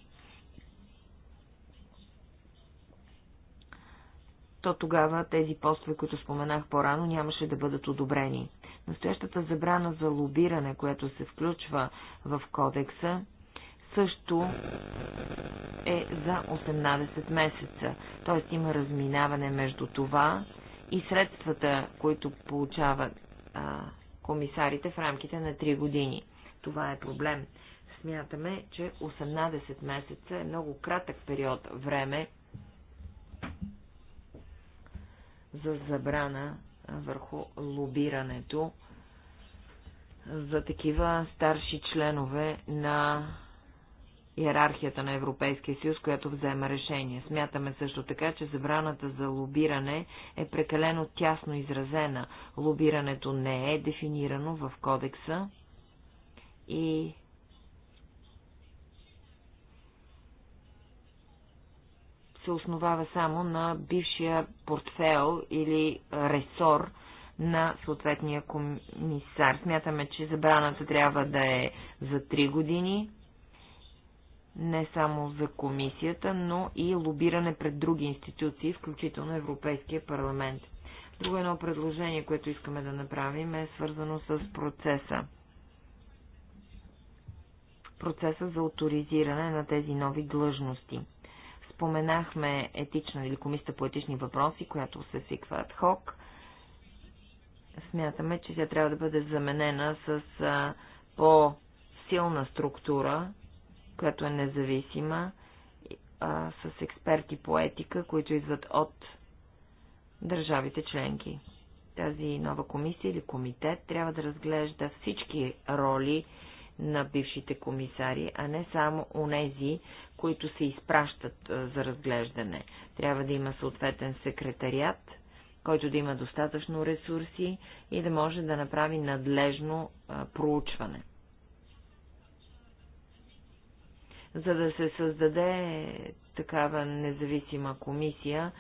B: то тогава тези постове, които споменах по-рано, нямаше да бъдат одобрени. Настоящата забрана за лобиране, което се включва в кодекса, също е за 18 месеца. Т.е. има разминаване между това и средствата, които получават а, комисарите в рамките на 3 години. Това е проблем. Смятаме, че 18 месеца е много кратък период време за забрана върху лобирането за такива старши членове на иерархията на Европейския съюз, която взема решение. Смятаме също така, че забраната за лобиране е прекалено тясно изразена. Лобирането не е дефинирано в кодекса и се основава само на бившия портфел или ресор на съответния комисар. Смятаме, че забраната трябва да е за 3 години, не само за комисията, но и лобиране пред други институции, включително Европейския парламент. Друго едно предложение, което искаме да направим е свързано с процеса. Процеса за авторизиране на тези нови длъжности. Споменахме етична или комисията по етични въпроси, която се свиква адхок. Смятаме, че тя трябва да бъде заменена с по-силна структура, която е независима, а, с експерти по етика, които идват от държавите членки. Тази нова комисия или комитет трябва да разглежда всички роли на бившите комисари, а не само онези, които се изпращат за разглеждане. Трябва да има съответен секретариат, който да има достатъчно ресурси и да може да направи надлежно проучване. За да се създаде такава независима комисия,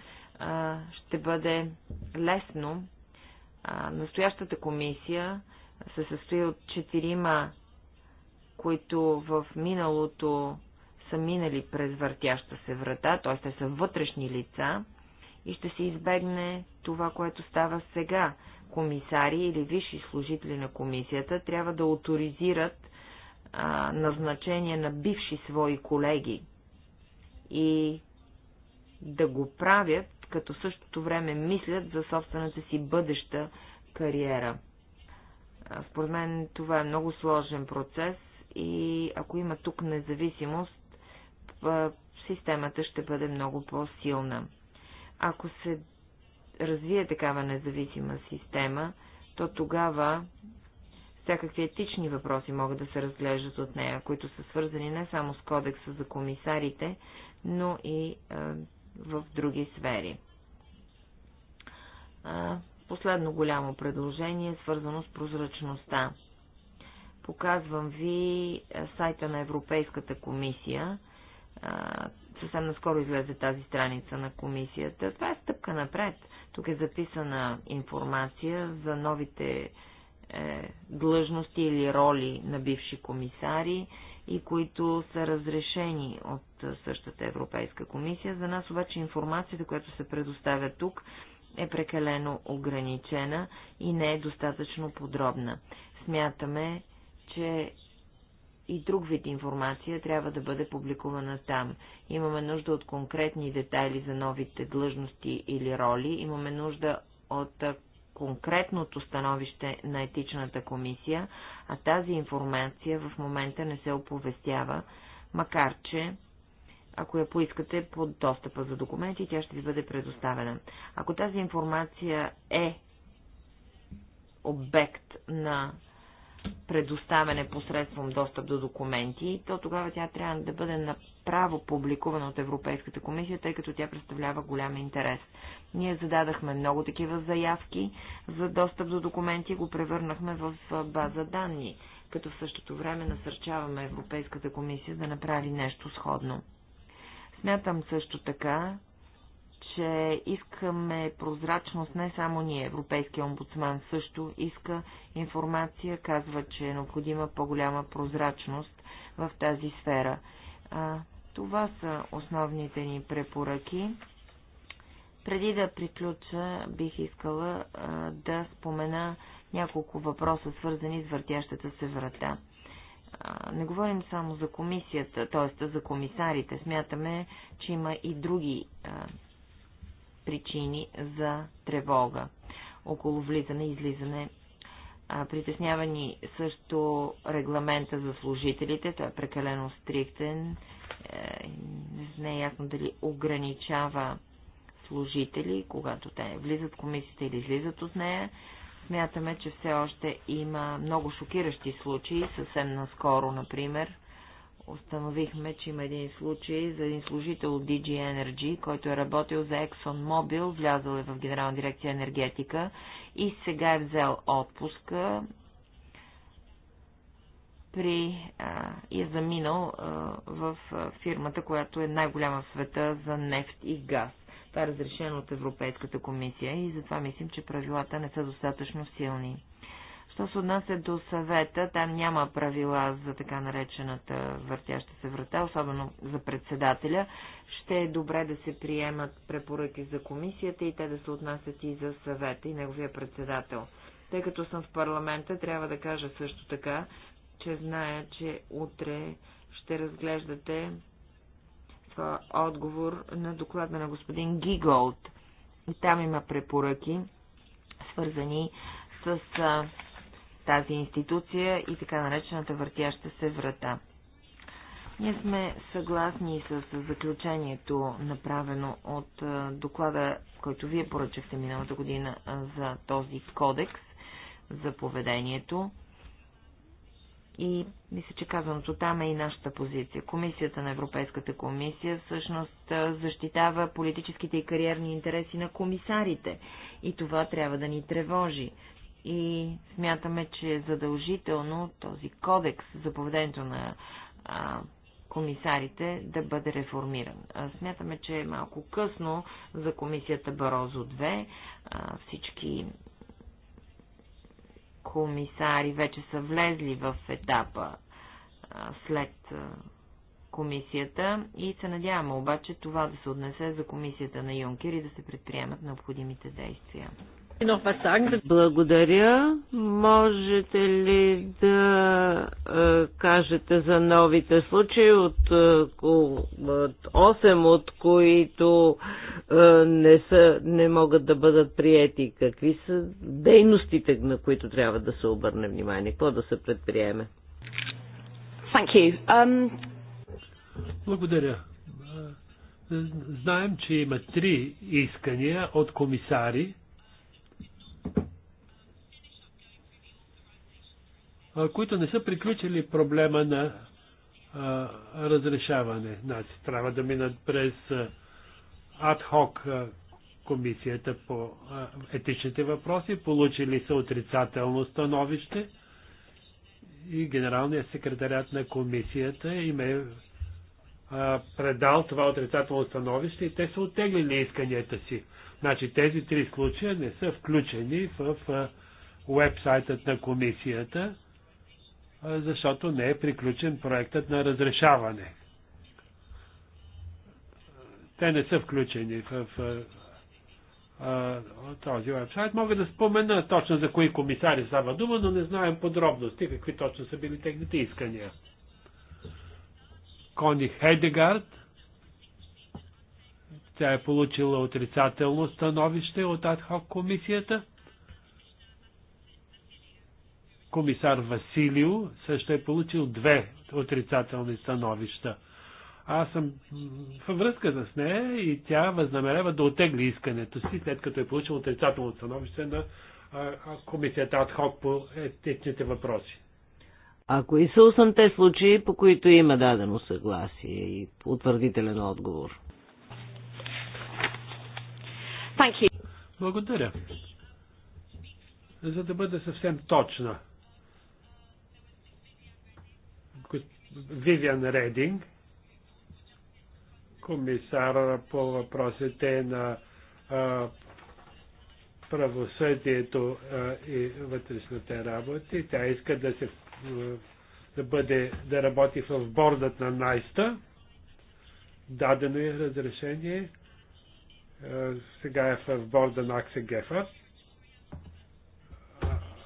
B: ще бъде лесно. Настоящата комисия се състои от четирима които в миналото са минали през въртяща се врата, т.е. те са вътрешни лица, и ще се избегне това, което става сега. Комисари или висши служители на комисията трябва да авторизират назначение на бивши свои колеги и да го правят, като същото време мислят за собствената си бъдеща кариера. Според мен това е много сложен процес и ако има тук независимост, системата ще бъде много по-силна. Ако се развие такава независима система, то тогава всякакви етични въпроси могат да се разглеждат от нея, които са свързани не само с кодекса за комисарите, но и е, в други сфери. Е, последно голямо предложение е свързано с прозрачността. Показвам ви е, сайта на Европейската комисия. Е, съвсем наскоро излезе тази страница на комисията. Това е стъпка напред. Тук е записана информация за новите е, длъжности или роли на бивши комисари и които са разрешени от е, същата Европейска комисия. За нас обаче информацията, която се предоставя тук, е прекалено ограничена и не е достатъчно подробна. Смятаме, че и друг вид информация трябва да бъде публикувана там. Имаме нужда от конкретни детайли за новите длъжности или роли, имаме нужда от конкретното становище на етичната комисия, а тази информация в момента не се оповестява, макар че, ако я поискате под достъпа за документи, тя ще ви бъде предоставена. Ако тази информация е обект на предоставяне посредством достъп до документи, то тогава тя трябва да бъде направо публикувана от Европейската комисия, тъй като тя представлява голям интерес. Ние зададахме много такива заявки за достъп до документи и го превърнахме в база данни, като в същото време насърчаваме Европейската комисия да направи нещо сходно. Смятам също така, че искаме прозрачност не само ние, Европейския омбудсман също иска информация, казва, че е необходима по-голяма прозрачност в тази сфера. А, това са основните ни препоръки. Преди да приключа, бих искала а, да спомена няколко въпроса, свързани с въртящата се врата. не говорим само за комисията, т.е. за комисарите. Смятаме, че има и други а, причини за тревога около влизане и излизане. Притеснявани също регламента за служителите, той е прекалено стриктен, е, не е ясно дали ограничава служители, когато те влизат в комисията или излизат от нея. Смятаме, че все още има много шокиращи случаи, съвсем наскоро, например, установихме, че има един случай за един служител от DG Energy, който е работил за Exxon Mobil, влязъл е в Генерална дирекция енергетика и сега е взел отпуска при, а, и е заминал а, в фирмата, която е най-голяма в света за нефт и газ. Това е разрешено от Европейската комисия и затова мислим, че правилата не са достатъчно силни. Що се отнася до съвета, там няма правила за така наречената въртяща се врата, особено за председателя. Ще е добре да се приемат препоръки за комисията и те да се отнасят и за съвета и неговия председател. Тъй като съм в парламента, трябва да кажа също така, че зная, че утре ще разглеждате това отговор на доклада на господин Гиголд. И там има препоръки, свързани с а, тази институция и така наречената въртяща се врата. Ние сме съгласни с заключението, направено от доклада, който вие поръчахте миналата година за този кодекс за поведението. И мисля, че казаното там е и нашата позиция. Комисията на Европейската комисия всъщност защитава политическите и кариерни интереси на комисарите. И това трябва да ни тревожи и смятаме, че е задължително този кодекс за поведението на а, комисарите да бъде реформиран. А, смятаме, че е малко късно за комисията Барозо 2. А, всички комисари вече са влезли в етапа а, след а, комисията и се надяваме обаче това да се отнесе за комисията на Юнкер и да се предприемат необходимите действия.
D: Благодаря. Можете ли да е, кажете за новите случаи, от, е, от 8 от които е, не, са, не могат да бъдат приети? Какви са дейностите, на които трябва да се обърне внимание? Какво да се предприеме?
A: Thank you. Um... Благодаря. Е, знаем, че има три искания от комисари които не са приключили проблема на а, разрешаване. Значи, трябва да минат през адхок комисията по а, етичните въпроси, получили са отрицателно становище и генералният секретарят на комисията им е а, предал това отрицателно становище и те са на исканията си. Значи тези три случая не са включени в а, уебсайтът на комисията, а, защото не е приключен проектът на разрешаване. Те не са включени в а, този вебсайт. Мога да спомена точно за кои комисари става дума, но не знаем подробности какви точно са били техните искания. Кони Хедегард. Тя е получила отрицателно становище от Адхок комисията. Комисар Василио също е получил две отрицателни становища. Аз съм във връзка с нея и тя възнамерява да отегли искането си, след като е получил отрицателно становище на комисията Адхок по етичните въпроси.
D: А кои са осъмте случаи, по които има дадено съгласие и утвърдителен отговор?
A: Благодаря. За да бъда съвсем точна, Вивиан Рединг, комисар по въпросите на а, правосъдието а, и вътрешните работи. Тя иска да се да, бъде, да работи в бордът на Найста. Дадено е разрешение. Е, сега е в борда на Аксе Гефа.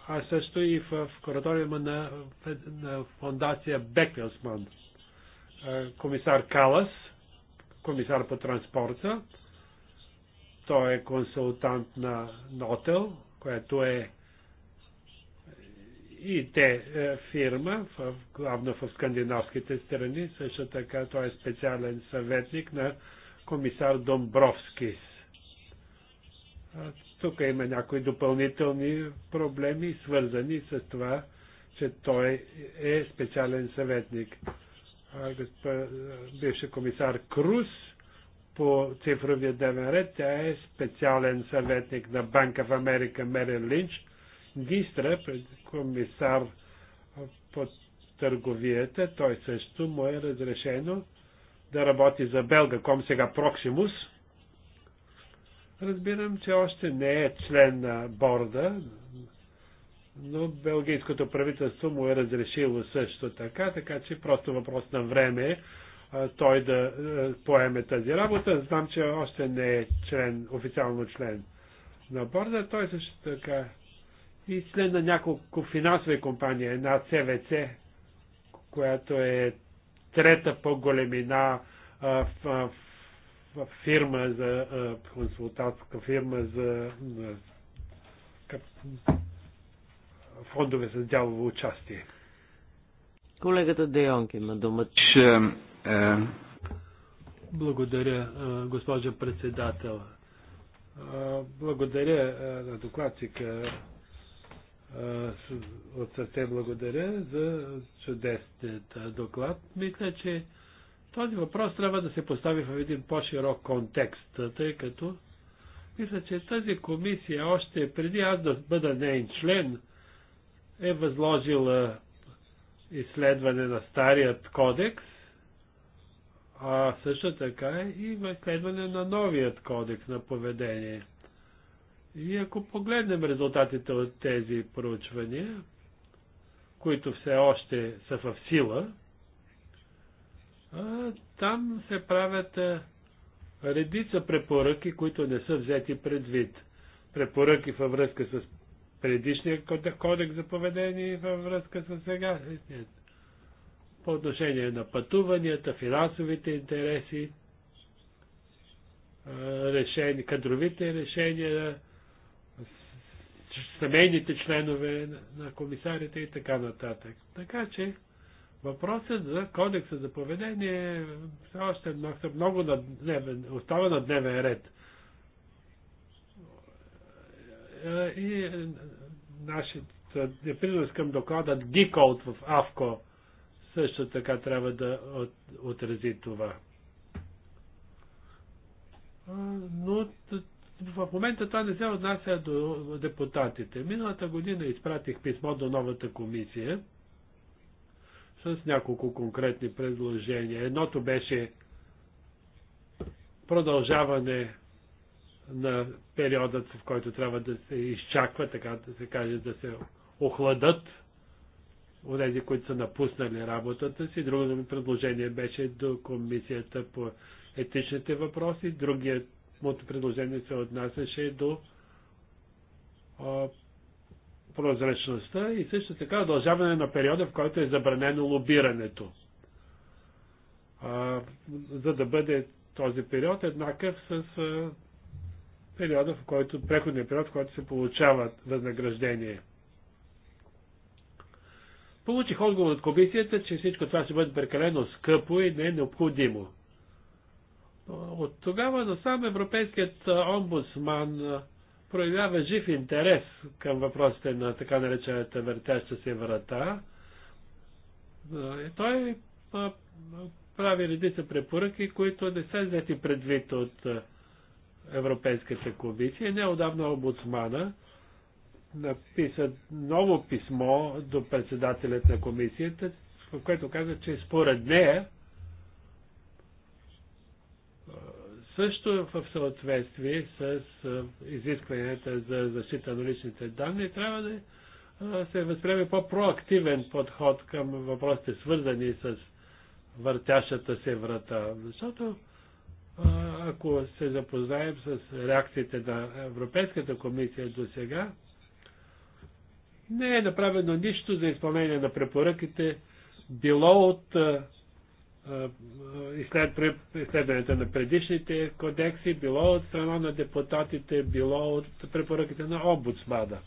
A: А също и в кураториума на, на фондация Бекелсман. Е, комисар Калас, комисар по транспорта, той е консултант на Нотел, което е и те е, фирма, в, главно в скандинавските страни, също така той е специален съветник на комисар Домбровски. Тук има някои допълнителни проблеми, свързани с това, че той е специален съветник. Бивше комисар Круз по цифровия дневен ред, тя е специален съветник на Банка в Америка Мерен Линч – Дистра, комисар по търговията, той също му е разрешено да работи за Белга ком сега Проксимус. Разбирам, че още не е член на борда, но белгийското правителство му е разрешило също така, така че просто въпрос на време той да поеме тази работа. Знам, че още не е член, официално член на борда. Той също така и член на няколко финансови компании. Една CVC, която е трета по големина а, в, в, фирма за консултантска фирма за а, къп, фондове за дялово участие. Колегата
D: Дейонки има думата. Ще, е...
A: Благодаря, госпожа председател. Благодаря на докладчика от сърце благодаря за чудесният доклад. Мисля, че този въпрос трябва да се постави в един по-широк контекст, тъй като мисля, че тази комисия още преди аз да бъда нейн член е възложила изследване на старият кодекс, а също така и изследване на новият кодекс на поведение. И ако погледнем резултатите от тези проучвания, които все още са в сила, там се правят редица препоръки, които не са взети предвид. Препоръки във връзка с предишния кодекс за поведение и във връзка с сега. По отношение на пътуванията, финансовите интереси, решения, кадровите решения, семейните членове на комисарите и така нататък. Така че въпросът за кодекса за поведение е все още много, много на дневен, остава на дневен ред. И е, нашият е, принос към докладът Гиколт в АВКО също така трябва да отрази това. Но в момента това не се отнася до депутатите. Миналата година изпратих писмо до новата комисия с няколко конкретни предложения. Едното беше продължаване на периодът, в който трябва да се изчаква, така да се каже, да се охладат онези, които са напуснали работата си. Другото ми предложение беше до комисията по етичните въпроси. Другият Моето предложение се отнасяше до а, прозрачността и също така удължаване на периода, в който е забранено лобирането. А, за да бъде този период еднакъв с а, периода, в който, преходния период, в който се получава възнаграждение. Получих отговор от комисията, че всичко това ще бъде прекалено скъпо и не е необходимо. От тогава до сам Европейският омбудсман проявява жив интерес към въпросите на така наречената въртяща се врата. И той прави редица препоръки, които не са взети предвид от Европейската комисия. Неодавна омбудсмана написа ново писмо до председателят на комисията, в което каза, че според нея също в съответствие с изискванията за защита на личните данни, трябва да се възприеме по-проактивен подход към въпросите, свързани с въртящата се врата. Защото ако се запознаем с реакциите на Европейската комисия до сега, не е направено нищо за изпълнение на препоръките, било от и след изследването на предишните кодекси, било от страна на депутатите, било от препоръките на омбудсмада.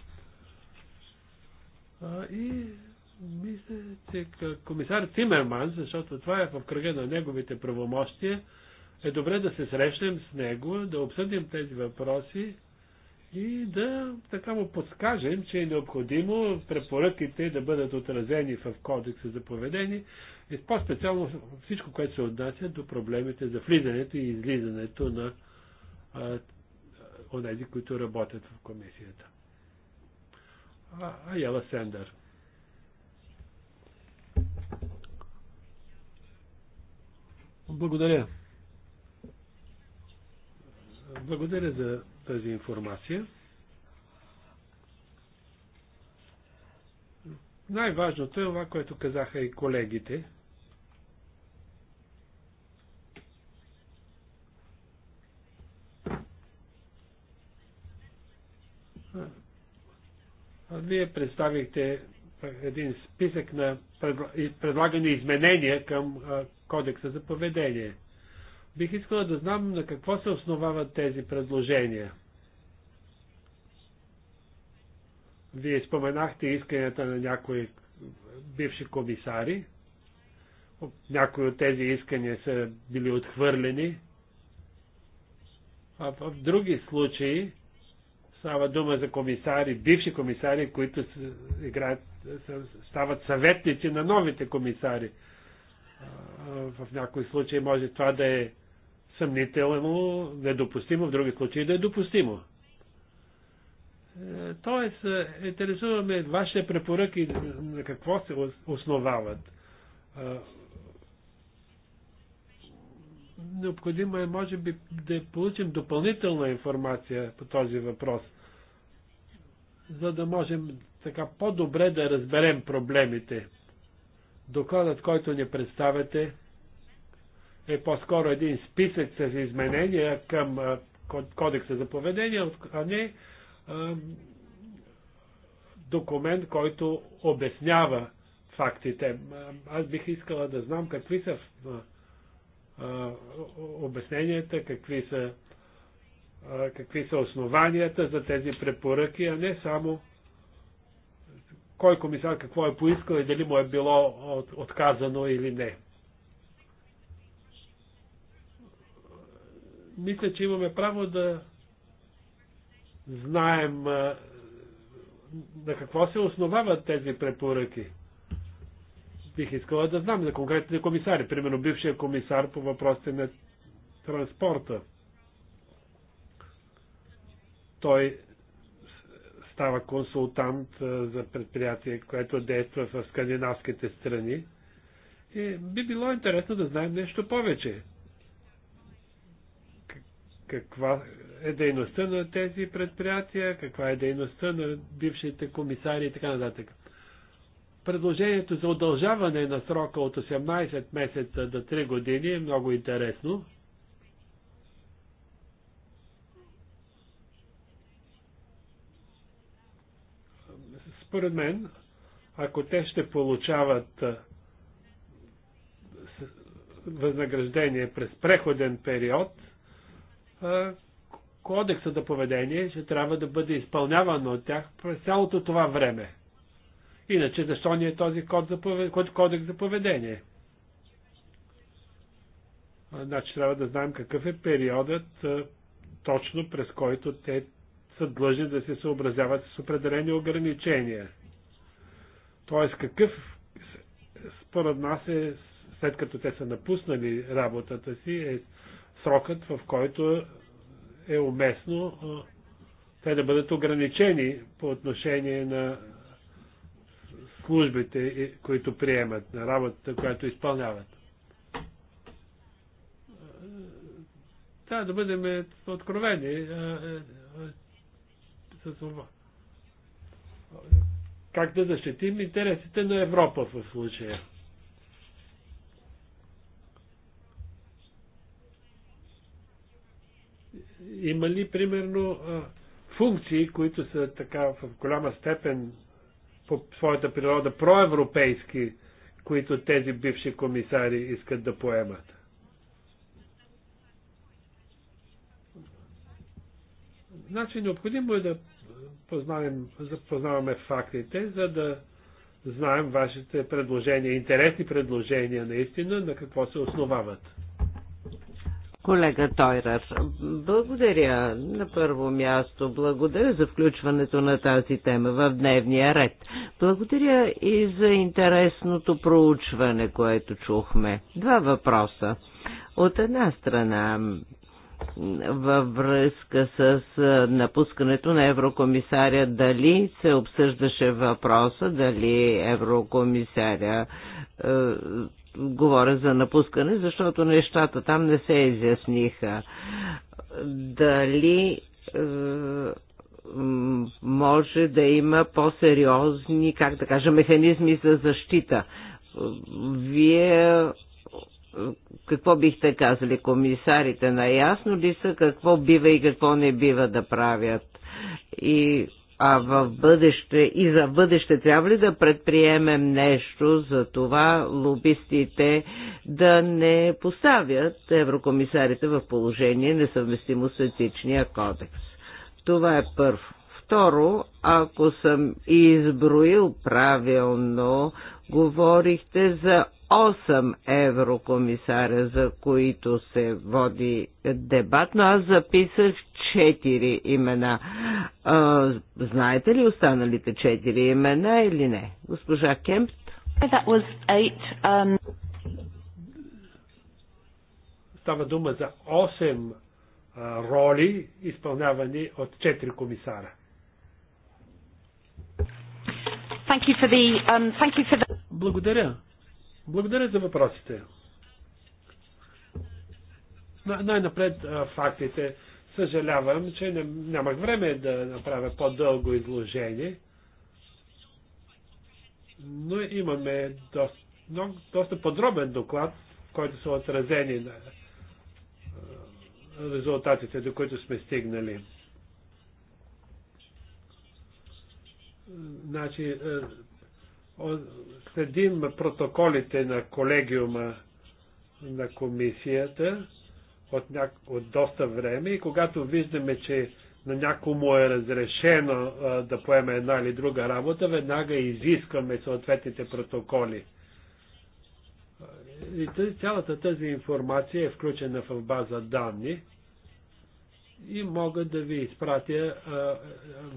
A: И мисля, че комисар Тимерман, защото това е в кръга на неговите правомощия, е добре да се срещнем с него, да обсъдим тези въпроси и да така му подскажем, че е необходимо препоръките да бъдат отразени в кодекса за поведение, и по-специално всичко, което се отнася до проблемите за влизането и излизането на онези, които работят в комисията. А, Аяла Сендър. Благодаря. Благодаря за тази информация. Най-важното е това, което казаха и колегите. Вие представихте един списък на предлагани изменения към кодекса за поведение. Бих искала да знам на какво се основават тези предложения. Вие споменахте исканията на някои бивши комисари. Някои от тези искания са били отхвърлени. А в други случаи Става дума за комисари, бивши комисари, които играят, стават съветници на новите комисари. В някои случаи може това да е съмнително, недопустимо, в други случаи да е допустимо. Е, тоест, е, интересуваме вашите препоръки на какво се основават необходимо е, може би, да получим допълнителна информация по този въпрос, за да можем така по-добре да разберем проблемите. Докладът, който ни представяте, е по-скоро един списък с изменения към кодекса за поведение, а не документ, който обяснява фактите. Аз бих искала да знам какви са обясненията, какви са, какви са основанията за тези препоръки, а не само кой комисар какво е поискал и дали му е било отказано или не. Мисля, че имаме право да знаем на какво се основават тези препоръки. Бих искала да знам за конкретните комисари, примерно бившия комисар по въпросите на транспорта. Той става консултант за предприятие, което действа в скандинавските страни. И би било интересно да знаем нещо повече. Каква е дейността на тези предприятия, каква е дейността на бившите комисари и така нататък. Предложението за удължаване на срока от 18 месеца до 3 години е много интересно. Според мен, ако те ще получават възнаграждение през преходен период, кодекса за поведение ще трябва да бъде изпълняван от тях през цялото това време. Иначе защо ни е този код за кодекс за поведение? Значи трябва да знаем какъв е периодът точно през който те са длъжни да се съобразяват с определени ограничения. Тоест какъв според нас е, след като те са напуснали работата си, е срокът, в който е уместно те да бъдат ограничени по отношение на службите, е, които приемат, на работата, която изпълняват. Трябва да бъдем е, откровени е, с това. Как да защитим интересите на Европа в случая? Има ли, примерно, функции, които са така в голяма степен по своята природа проевропейски, които тези бивши комисари искат да поемат. Значи необходимо е да познаем, познаваме фактите, за да знаем вашите предложения, интересни предложения наистина, на какво се основават.
D: Колега Тойрар, благодаря на първо място. Благодаря за включването на тази тема в дневния ред. Благодаря и за интересното проучване, което чухме. Два въпроса. От една страна, във връзка с напускането на еврокомисаря, дали се обсъждаше въпроса, дали еврокомисаря говоря за напускане, защото нещата там не се изясниха. Дали е, може да има по-сериозни, как да кажа, механизми за защита. Вие какво бихте казали? Комисарите наясно ли са какво бива и какво не бива да правят? И а в бъдеще и за бъдеще трябва ли да предприемем нещо за това лобистите да не поставят еврокомисарите в положение несъвместимо с етичния кодекс? Това е първо. Второ, ако съм изброил правилно, говорихте за 8 еврокомисаря, за които се води дебат, но аз записах 4 имена. А, знаете ли останалите 4 имена или не? Госпожа Кемп?
A: That was eight, um... Става дума за 8 роли, изпълнявани от 4 комисара. Thank you for the, um, thank you for the... Благодаря благодаря за въпросите. Най-напред фактите. Съжалявам, че не, нямах време да направя по-дълго изложение, но имаме доста, много, доста подробен доклад, в който са отразени на резултатите, до които сме стигнали. Значи, следим протоколите на колегиума на комисията от, ня... от доста време и когато виждаме, че на някому е разрешено а, да поеме една или друга работа, веднага изискваме съответните протоколи. И тази, цялата тази информация е включена в база данни и мога да ви изпратя а,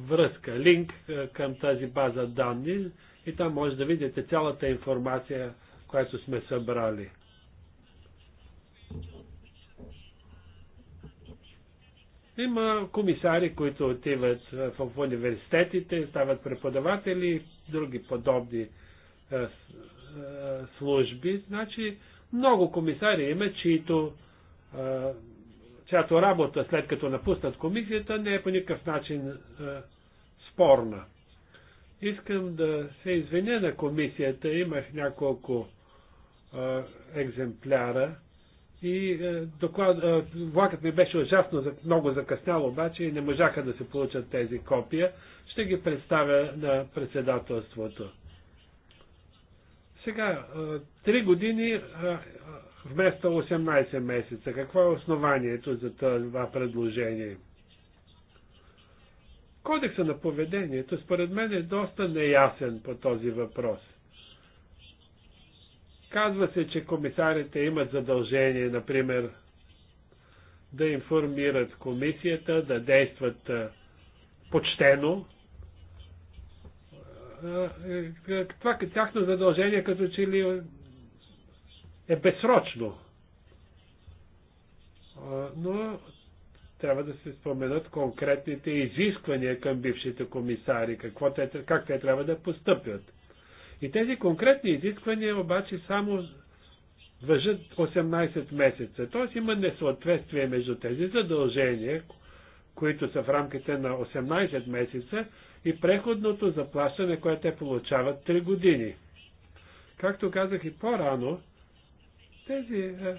A: връзка, линк а, към тази база данни, и там може да видите цялата информация, която сме събрали. Има комисари, които отиват в университетите, стават преподаватели и други подобни е, е, служби. Значи много комисари има, чието, е, чиято работа след като напуснат комисията не е по никакъв начин спорна. Искам да се извиня на комисията. Имах няколко а, екземпляра и а, доклад, а, влакът ми беше ужасно много закъснял, обаче и не можаха да се получат тези копия. Ще ги представя на председателството. Сега, три години вместо 18 месеца. Какво е основанието за това предложение? Кодекса на поведението според мен е доста неясен по този въпрос. Казва се, че комисарите имат задължение, например, да информират комисията, да действат почтено. Е, това тяхно задължение като че ли е безсрочно. Но трябва да се споменат конкретните изисквания към бившите комисари, какво те, как те трябва да постъпят. И тези конкретни изисквания обаче само въжат 18 месеца. Тоест има несъответствие между тези задължения, които са в рамките на 18 месеца, и преходното заплащане, което те получават 3 години. Както казах и по-рано, тези е,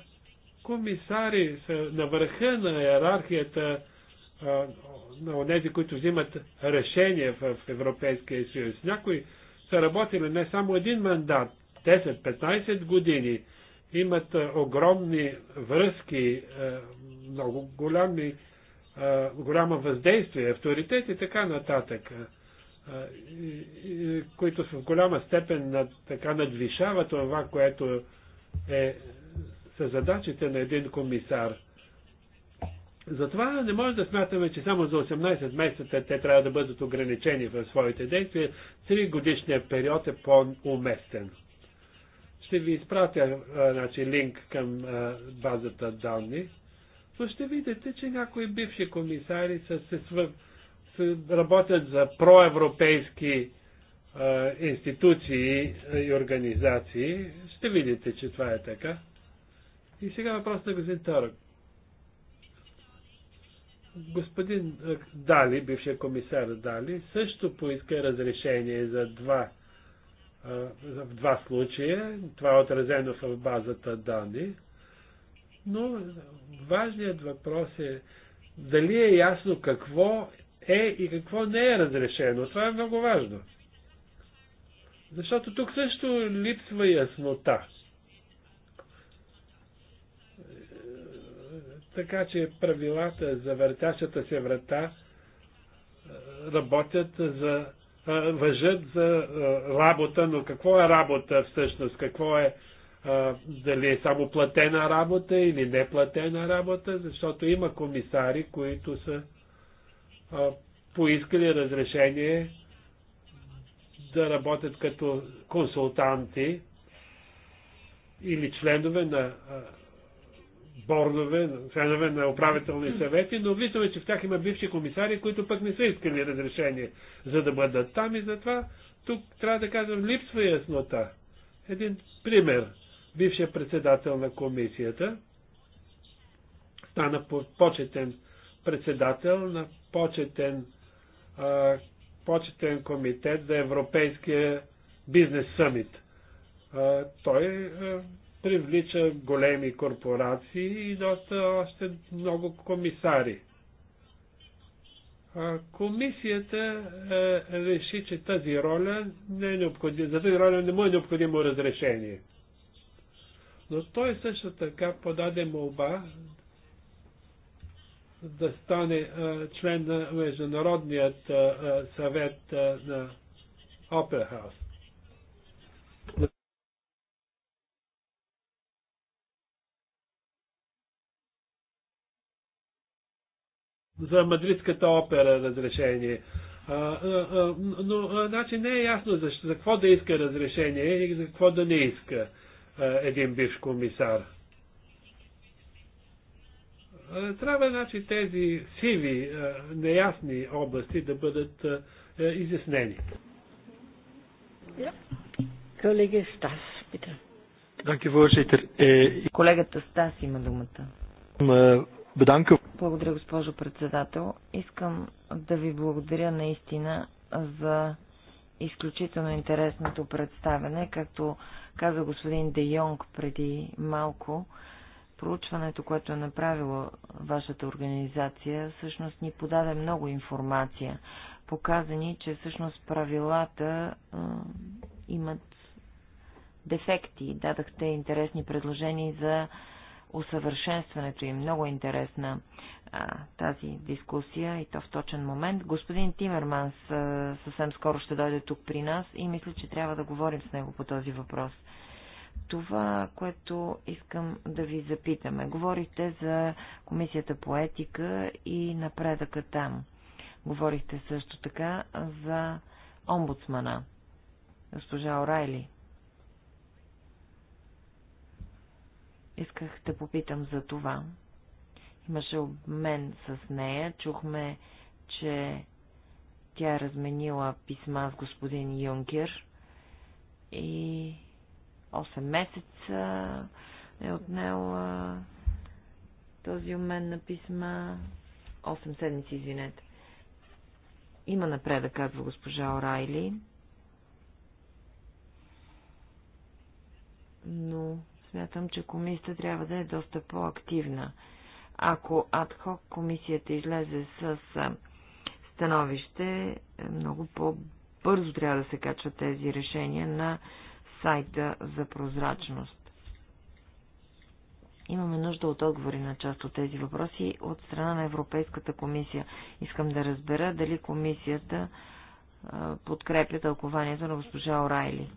A: комисари са на върха на иерархията на тези, които взимат решения в Европейския съюз. Някои са работили не само един мандат, 10-15 години, имат огромни връзки, много голями, голямо въздействие, авторитет и така нататък, които в голяма степен така надвишават това, което е са задачите на един комисар. Затова не може да смятаме, че само за 18 месеца те трябва да бъдат ограничени в своите действия. Три годишния период е по-уместен. Ще ви изпратя а, значи, линк към а, базата данни, но ще видите, че някои бивши комисари са се свър... са, работят за проевропейски институции и организации. Ще видите, че това е така. И сега въпрос на господин Тарък. Господин е, Дали, бившия комисар Дали, също поиска разрешение за два, е, за два случая. Това е отразено в базата данни. Но важният въпрос е дали е ясно какво е и какво не е разрешено. Това е много важно. Защото тук също липсва яснота. Така че правилата за въртящата се врата е, работят за е, въжат за е, работа, но какво е работа всъщност? Какво е дали е само платена работа или неплатена работа, защото има комисари, които са поискали разрешение да работят като консултанти или членове на бордове, членове на управителни съвети, но виждаме, че в тях има бивши комисари, които пък не са искали разрешение за да бъдат там и затова тук трябва да кажем липсва яснота. Един пример. Бившия председател на комисията стана почетен председател на почетен, а, почетен комитет за Европейския бизнес съмит. А, той а, привлича големи корпорации и доста още много комисари. Комисията е, реши, че тази роля не е необходима, за тази роля не му е необходимо разрешение. Но той също така подаде молба да стане а, член на Международният а, съвет а, на Оперхаус. за Мадридската опера разрешение. А, а, а, но значи не е ясно за, за какво да иска разрешение и за какво да не иска а, един бивш комисар. А, трябва значи тези сиви, а, неясни области да бъдат а, а, е, изяснени.
B: Колега Стас, питам.
A: Eh,
B: Колегата Стас има думата. Bedanke. Благодаря, госпожо председател. Искам да ви благодаря наистина за изключително интересното представяне. Както каза господин Де Йонг преди малко, проучването, което е направила вашата организация, всъщност ни подаде много информация. Показани, че всъщност правилата а, имат дефекти. Дадахте интересни предложения за усъвършенстването и Много интересна а, тази дискусия и то в точен момент. Господин Тимерманс а, съвсем скоро ще дойде тук при нас и мисля, че трябва да говорим с него по този въпрос. Това, което искам да ви запитаме. Говорихте за Комисията по етика и напредъка там. Говорихте също така за омбудсмана, госпожа Орайли. Исках да попитам за това. Имаше обмен с нея. Чухме, че тя е разменила писма с господин Юнкер и 8 месеца е отнела този обмен на писма. 8 седмици, извинете. Има напредък, казва госпожа Орайли. Но Смятам, че комисията трябва да е доста по-активна. Ако адхок комисията излезе с становище, е, много по-бързо трябва да се качват тези решения на сайта за прозрачност. Имаме нужда от отговори на част от тези въпроси от страна на Европейската комисия. Искам да разбера дали комисията подкрепя тълкованието на госпожа Орайли.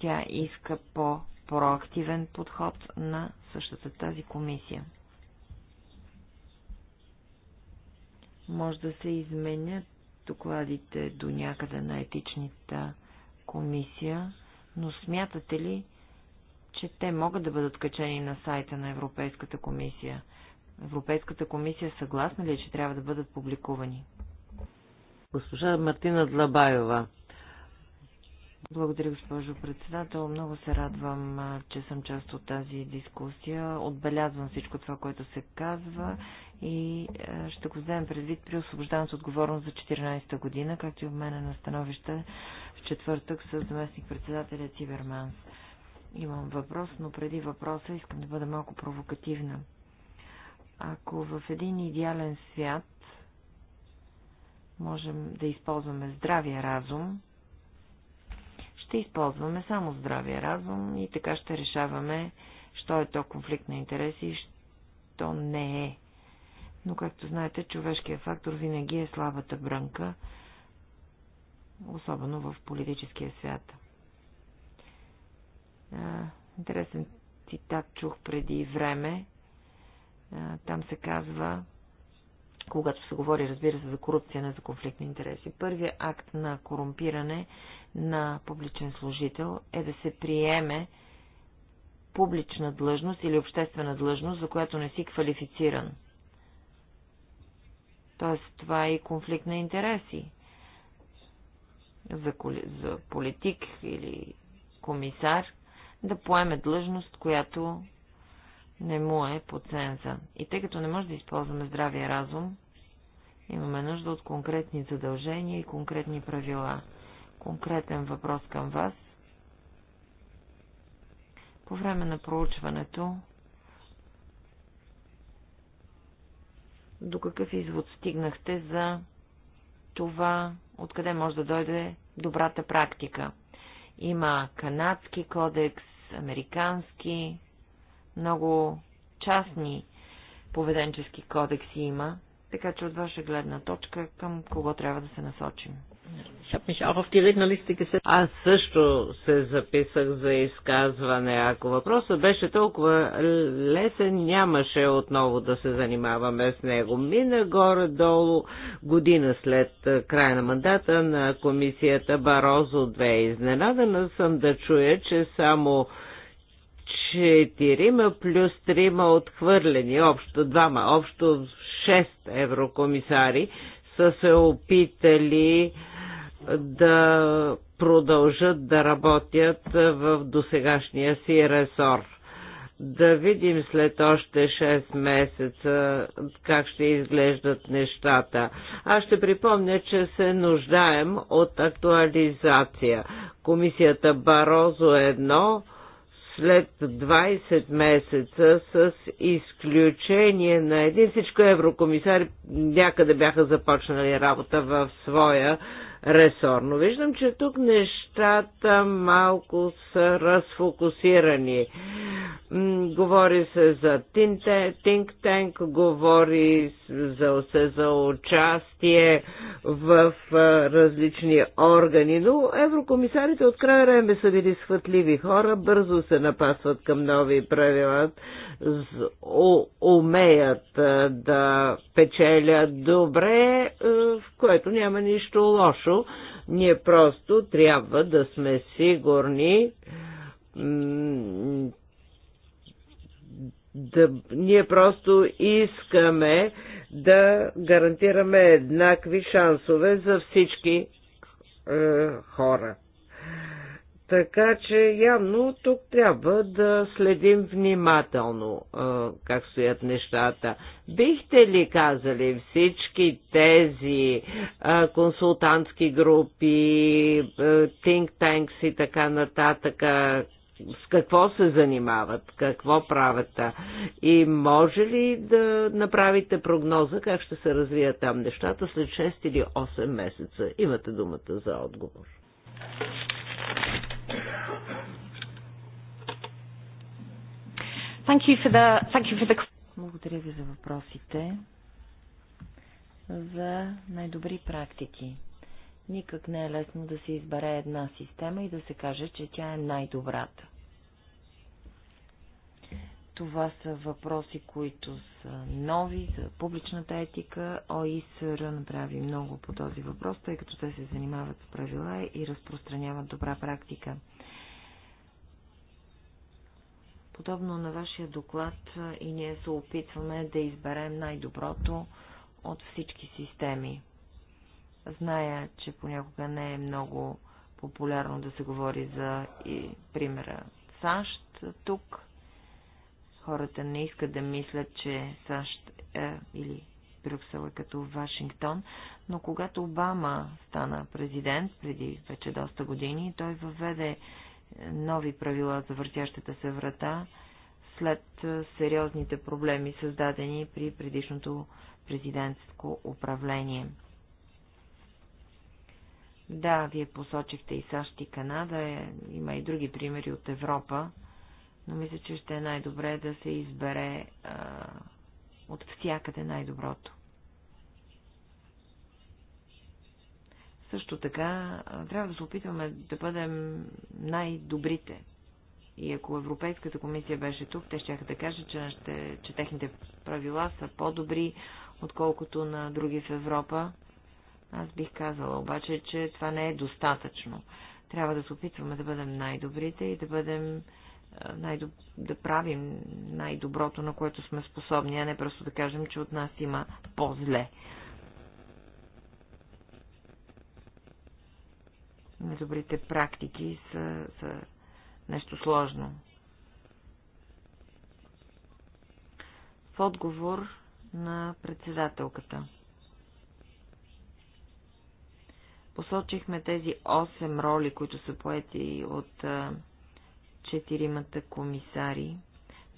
B: Тя иска по проактивен подход на същата тази комисия. Може да се изменят докладите до някъде на етичната комисия, но смятате ли, че те могат да бъдат качени на сайта на Европейската комисия? Европейската комисия съгласна ли, е, че трябва да бъдат публикувани? Госпожа Мартина Длабаева. Благодаря, госпожо председател. Много се радвам, че съм част от тази дискусия. Отбелязвам всичко това, което се казва и ще го вземем предвид при освобождаването отговорност за 14-та година, както и мене на становище в четвъртък с заместник-председателя Циберманс. Имам въпрос, но преди въпроса искам да бъда малко провокативна. Ако в един идеален свят можем да използваме здравия разум, ще използваме само здравия разум и така ще решаваме, що е то конфликт на интереси и що не е. Но, както знаете, човешкият фактор винаги е слабата брънка, особено в политическия свят. Интересен цитат чух преди време. Там се казва, когато се говори, разбира се, за корупция, не за конфликт на интереси. Първият акт на корумпиране на публичен служител е да се приеме публична длъжност или обществена длъжност, за която не си квалифициран. Тоест, това е и конфликт на интереси. За, коли... за политик или комисар да поеме длъжност, която не му е по ценза. И тъй като не може да използваме здравия разум, имаме нужда от конкретни задължения и конкретни правила. Конкретен въпрос към вас. По време на проучването, до какъв извод стигнахте за това, откъде може да дойде добрата практика? Има канадски кодекс, американски, много частни поведенчески кодекси има, така че от ваша гледна точка към кого трябва да се насочим.
D: Аз също се записах за изказване. Ако въпросът беше толкова лесен, нямаше отново да се занимаваме с него. Мина горе-долу година след края на мандата на комисията Барозо 2. Изненадана съм да чуя, че само четирима плюс трима отхвърлени, общо двама, общо шест еврокомисари са се опитали да продължат да работят в досегашния си ресор. Да видим след още 6 месеца как ще изглеждат нещата. Аз ще припомня, че се нуждаем от актуализация. Комисията Барозо след 20 месеца с изключение на един всичко еврокомисар някъде бяха започнали работа в своя ресорно. виждам, че тук нещата малко са разфокусирани. Говори се за think tank, говори се за участие в различни органи, но еврокомисарите от края време са били схватливи хора, бързо се напасват към нови правила, умеят е, да печелят добре, е, в което няма нищо лошо. Ние просто трябва да сме сигурни, да, ние просто искаме да гарантираме еднакви шансове за всички е, хора. Така че явно тук трябва да следим внимателно а, как стоят нещата. Бихте ли казали всички тези а, консултантски групи, а, think tanks и така нататък, с какво се занимават, какво правят и може ли да направите прогноза как ще се развият там нещата след 6 или 8 месеца? Имате думата за отговор.
B: Thank you for the, thank you for the... Благодаря ви за въпросите за най-добри практики. Никак не е лесно да се избере една система и да се каже, че тя е най-добрата. Това са въпроси, които са нови за публичната етика. ОИСР направи много по този въпрос, тъй като те се занимават с правила и разпространяват добра практика. Подобно на вашия доклад и ние се опитваме да изберем най-доброто от всички системи. Зная, че понякога не е много популярно да се говори за и примера САЩ тук. Хората не искат да мислят, че САЩ е, или Брюксел е като Вашингтон, но когато Обама стана президент преди вече доста години, той въведе нови правила за въртящата се врата след сериозните проблеми, създадени при предишното президентско управление. Да, вие посочихте и САЩ и Канада, е, има и други примери от Европа, но мисля, че ще е най-добре да се избере а, от всякъде най-доброто. Също така, трябва да се опитваме да бъдем най-добрите. И ако Европейската комисия беше тук, те ще да кажат, че, ще, че техните правила са по-добри, отколкото на други в Европа. Аз бих казала обаче, че това не е достатъчно. Трябва да се опитваме да бъдем най-добрите и да бъдем най да правим най-доброто, на което сме способни, а не просто да кажем, че от нас има по-зле. недобрите практики са, са нещо сложно. В отговор на председателката. Посочихме тези 8 роли, които са поети от четиримата комисари,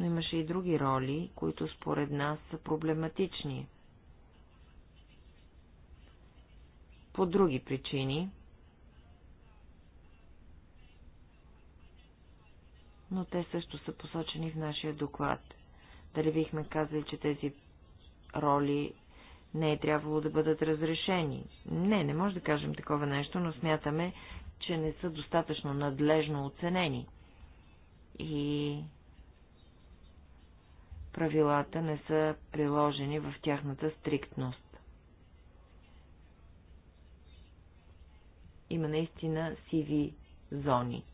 B: но имаше и други роли, които според нас са проблематични. По други причини, но те също са посочени в нашия доклад. Дали бихме казали, че тези роли не е трябвало да бъдат разрешени? Не, не може да кажем такова нещо, но смятаме, че не са достатъчно надлежно оценени. И правилата не са приложени в тяхната стриктност. Има наистина сиви зони.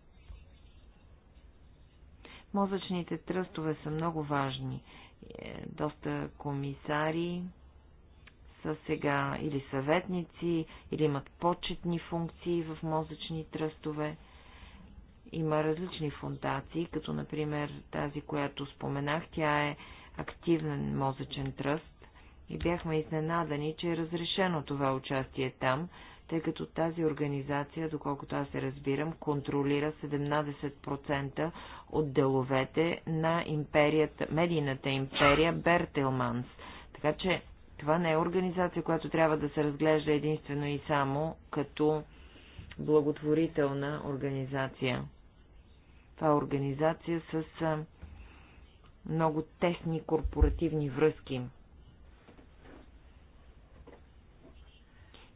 B: Мозъчните тръстове са много важни. Е, доста комисари са сега или съветници, или имат почетни функции в мозъчни тръстове. Има различни фундации, като например тази, която споменах, тя е активен мозъчен тръст и бяхме изненадани, че е разрешено това участие там, тъй като тази организация, доколкото аз се разбирам, контролира 17% от деловете на империята, медийната империя Бертелманс. Така че това не е организация, която трябва да се разглежда единствено и само като благотворителна организация. Това е организация с много тесни корпоративни връзки.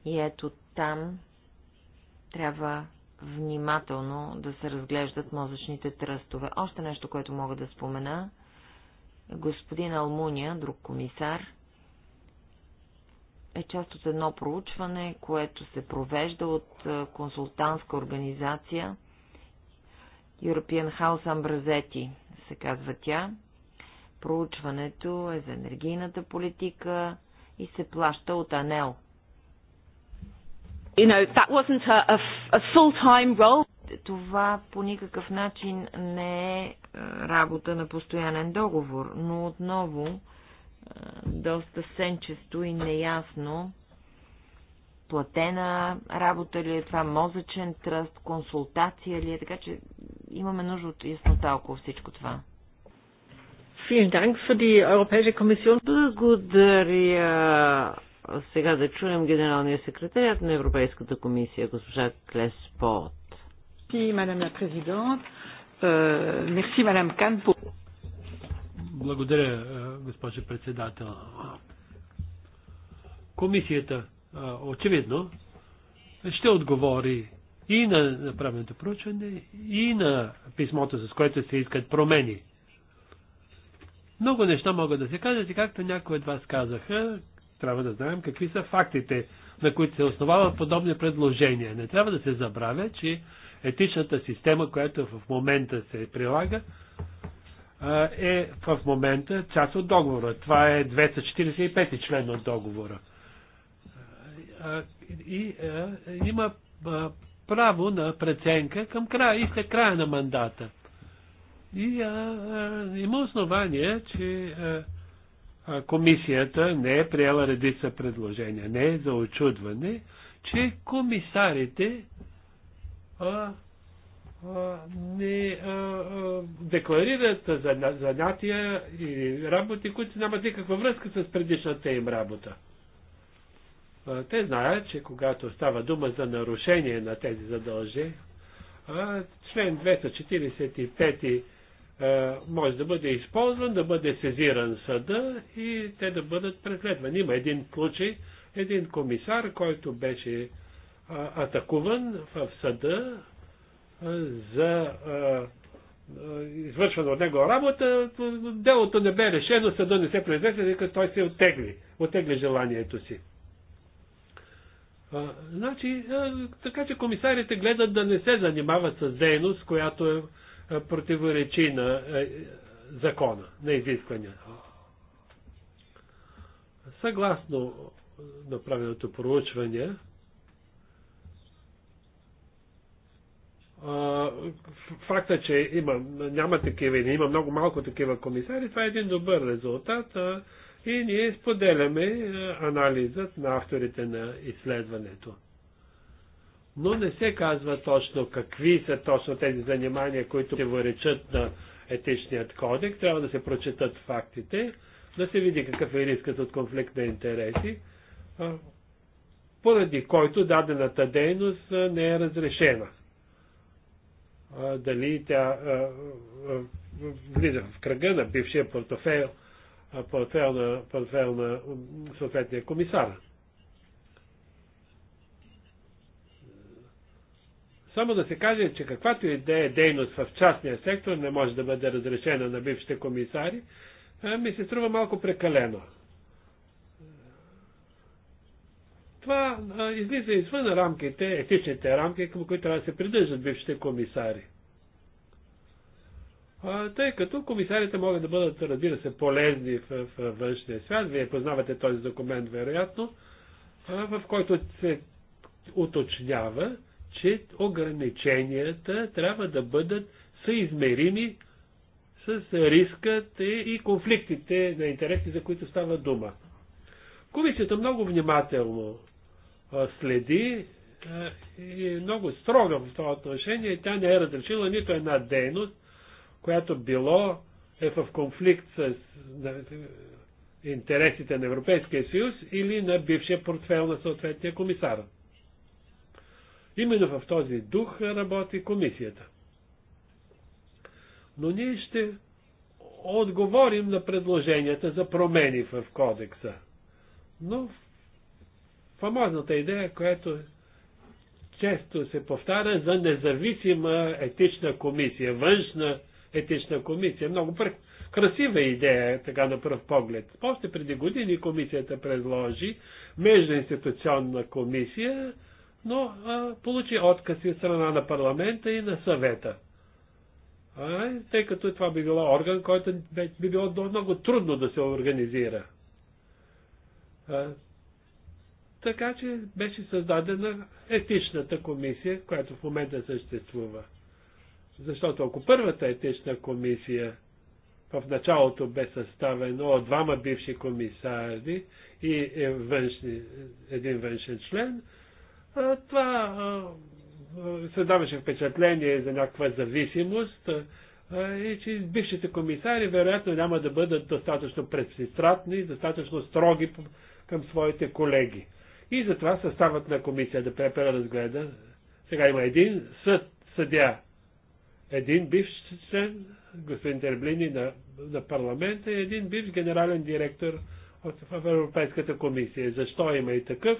B: И ето там трябва внимателно да се разглеждат мозъчните тръстове. Още нещо, което мога да спомена. Господин Алмуния, друг комисар, е част от едно проучване, което се провежда от консултантска организация European House Ambrazetti, се казва тя. Проучването е за енергийната политика и се плаща от Анел – you know, that wasn't a, a, a full-time role. Това по никакъв начин не е, е работа на постоянен договор, но отново е, доста сенчесто и неясно платена работа ли е това, мозъчен тръст, консултация ли е, така че имаме нужда от яснота около всичко това.
D: Благодаря сега да чуем генералния секретарят на Европейската комисия, госпожа Клеспот.
A: Euh, Благодаря, е, госпожа председател. Комисията е, очевидно ще отговори и на направеното проучване, и на писмото, с което се искат промени. Много неща могат да се кажат и както някои от вас казаха, трябва да знаем какви са фактите, на които се основават подобни предложения. Не трябва да се забравя, че етичната система, която в момента се прилага, е в момента част от договора. Това е 245 член от договора. И има право на преценка към края и след края на мандата. И а, има основание, че а, комисията не е приела редица предложения. Не е за очудване, че комисарите а, а, не а, а, декларират за, занятия и работи, които нямат никаква връзка с предишната им работа. А, те знаят, че когато става дума за нарушение на тези задължения, член 245 е, може да бъде използван, да бъде сезиран съда и те да бъдат преследвани. Има един случай, един комисар, който беше е, атакуван в съда е, за извършвана от него работа, делото не бе решено, съда не се произнесе, дека той се оттегли, оттегли желанието си. А, значи, а, така че комисарите гледат да не се занимават с дейност, която е противоречи на закона, на изисквания. Съгласно направеното проучване, факта, че има, няма такива или има много малко такива комисари, това е един добър резултат и ние споделяме анализът на авторите на изследването но не се казва точно какви са точно тези занимания, които се въречат на етичният кодекс. Трябва да се прочетат фактите, да се види какъв е рискът от конфликт на интереси, поради който дадената дейност не е разрешена. Дали тя влиза в кръга на бившия портофел, портфел на, портфел на съответния комисар. Само да се каже, че каквато и да е дейност в частния сектор не може да бъде разрешена на бившите комисари, ми се струва малко прекалено. Това излиза извън рамките, етичните рамки, към които трябва да се придържат бившите комисари. Тъй като комисарите могат да бъдат, разбира се, полезни в, в външния свят, вие познавате този документ, вероятно, в който се уточнява, че ограниченията трябва да бъдат съизмерими с рискът и конфликтите на интереси, за които става дума. Комисията много внимателно следи и е много строга в това отношение. Тя не е разрешила нито една дейност, която било е в конфликт с интересите на Европейския съюз или на бившия портфел на съответния комисар. Именно в този дух работи комисията. Но ние ще отговорим на предложенията за промени в кодекса. Но фамозната идея, която често се повтаря за независима етична комисия, външна етична комисия. Е много пр... красива идея, така на пръв поглед. Още преди години комисията предложи междуинституционна комисия, но а, получи откази от страна на парламента и на съвета. А, тъй като това би било орган, който би било много трудно да се организира. А, така че беше създадена етичната комисия, която в момента съществува. Защото ако първата етична комисия в началото бе съставена от двама бивши комисари и е външни, един външен член, това се даваше впечатление за някаква зависимост и че бившите комисари вероятно няма да бъдат достатъчно предпристратни, достатъчно строги към своите колеги. И затова съставът на комисията да разгледа. Сега има един съд, съдя, един бивш член, господин Терблини на, на парламента и един бивш генерален директор от, в Европейската комисия. Защо има и такъв?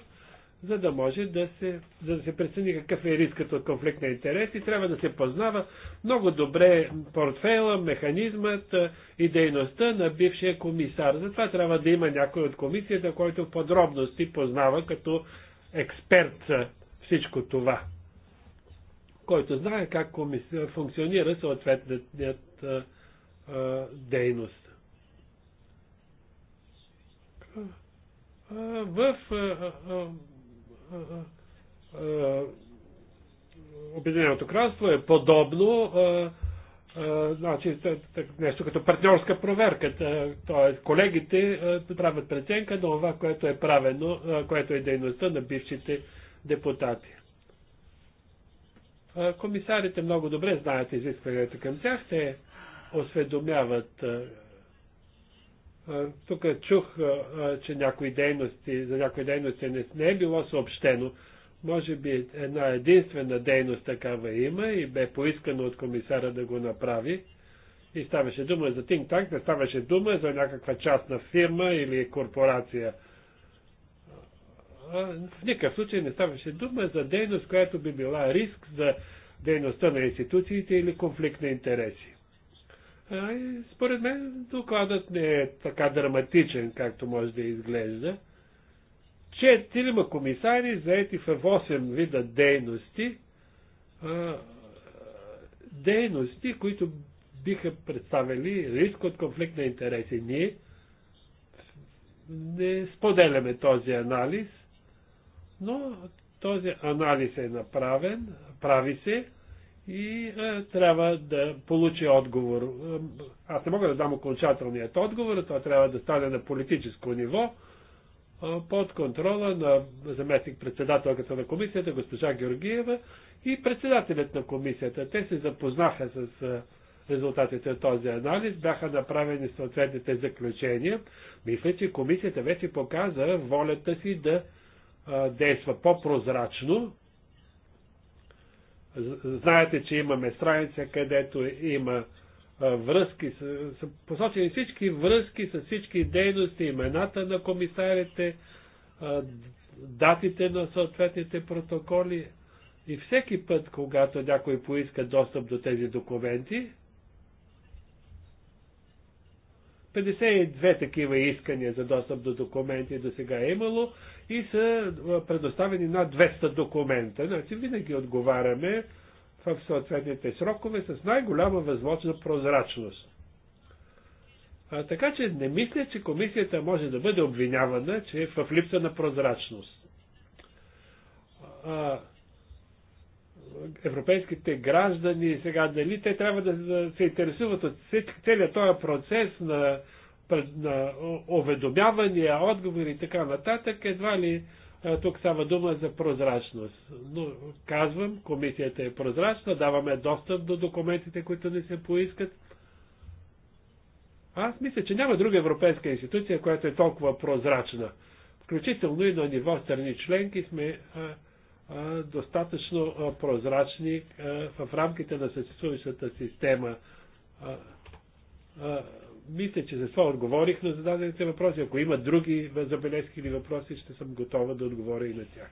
A: за да може да се, за да се прецени какъв е рискът от конфликт на интерес и трябва да се познава много добре портфейла, механизмът и дейността на бившия комисар. Затова трябва да има някой от комисията, който в подробности познава като експерт всичко това, който знае как функционира съответният дейност. в е, е, е, Обединеното кралство е подобно, значи, нещо като партньорска проверка. Т.е. колегите правят преценка на това, което е правено, което е дейността на бившите депутати. Комисарите много добре знаят изискванията към тях. Те осведомяват тук чух, че някои дейности, за някои дейности не, не е било съобщено. Може би една единствена дейност такава има и бе поискано от комисара да го направи. И ставаше дума за Тинг Танк, не ставаше дума за някаква частна фирма или корпорация. В никакъв случай не ставаше дума за дейност, която би била риск за дейността на институциите или конфликт на интереси. Според мен докладът не е така драматичен, както може да изглежда. Четирима комисари, заети в 8 вида дейности, дейности, които биха представили риск от конфликт на интереси. Ние не споделяме този анализ, но този анализ е направен, прави се и е, трябва да получи отговор. Е, аз не мога да дам окончателният отговор, това трябва да стане на политическо ниво, е, под контрола на заместник-председателката на комисията, госпожа Георгиева и председателят на комисията. Те се запознаха с е, резултатите от този анализ, бяха направени съответните заключения. Мисля, че комисията вече показа волята си да действа по-прозрачно, Знаете, че имаме страница, където има връзки, са посочени всички връзки с всички дейности, имената на комисарите, датите на съответните протоколи. И всеки път, когато някой поиска достъп до тези документи, 52 такива искания за достъп до документи до сега е имало, и са предоставени над 200 документа. Значи винаги отговаряме в съответните срокове с най-голяма възможна прозрачност. А, така че не мисля, че комисията може да бъде обвинявана, че е в липса на прозрачност. А, европейските граждани сега дали те трябва да се интересуват от целият този процес на уведомявания, отговори и така нататък, едва ли тук става дума за прозрачност. Но казвам, комисията е прозрачна, даваме достъп до документите, които не се поискат. Аз мисля, че няма друга европейска институция, която е толкова прозрачна. Включително и на ниво страни членки сме а, а, достатъчно а, прозрачни а, в рамките на съществуващата система. А, а, мисля, че за това отговорих на зададените въпроси. Ако има други забележки или въпроси, ще съм готова да отговоря и на тях.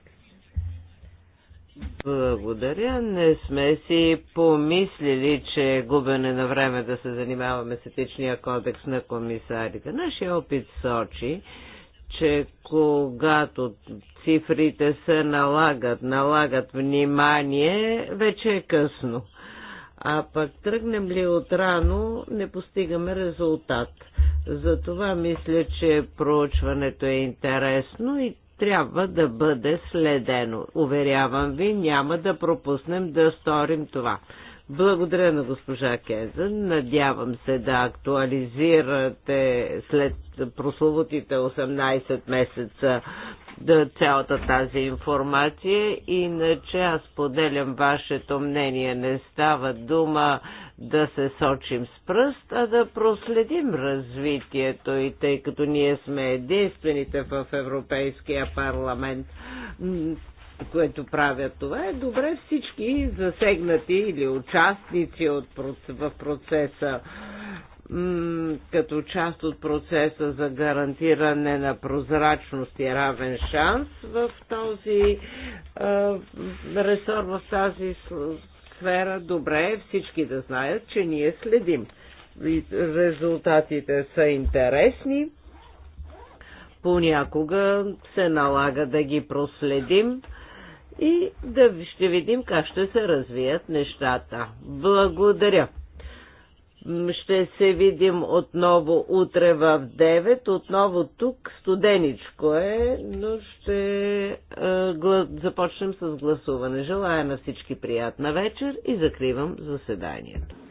D: Благодаря. Не сме си помислили, че е губене на време да се занимаваме с етичния кодекс на комисарите. Нашия опит сочи, че когато цифрите се налагат, налагат внимание, вече е късно. А пък тръгнем ли от рано, не постигаме резултат. Затова мисля, че проучването е интересно и трябва да бъде следено. Уверявам ви, няма да пропуснем да сторим това. Благодаря на госпожа Кезен. Надявам се да актуализирате след прословутите 18 месеца да цялата тази информация. Иначе аз поделям вашето мнение. Не става дума да се сочим с пръст, а да проследим развитието и тъй като ние сме единствените в Европейския парламент което правят това, е добре всички засегнати или участници от, в процеса като част от процеса за гарантиране на прозрачност и равен шанс в този ресор, в тази сфера. Добре е всички да знаят, че ние следим. Резултатите са интересни. Понякога се налага да ги проследим и да ще видим как ще се развият нещата. Благодаря! Ще се видим отново утре в 9, отново тук, студеничко е, но ще е, гла... започнем с гласуване. Желая на всички приятна вечер и закривам заседанието.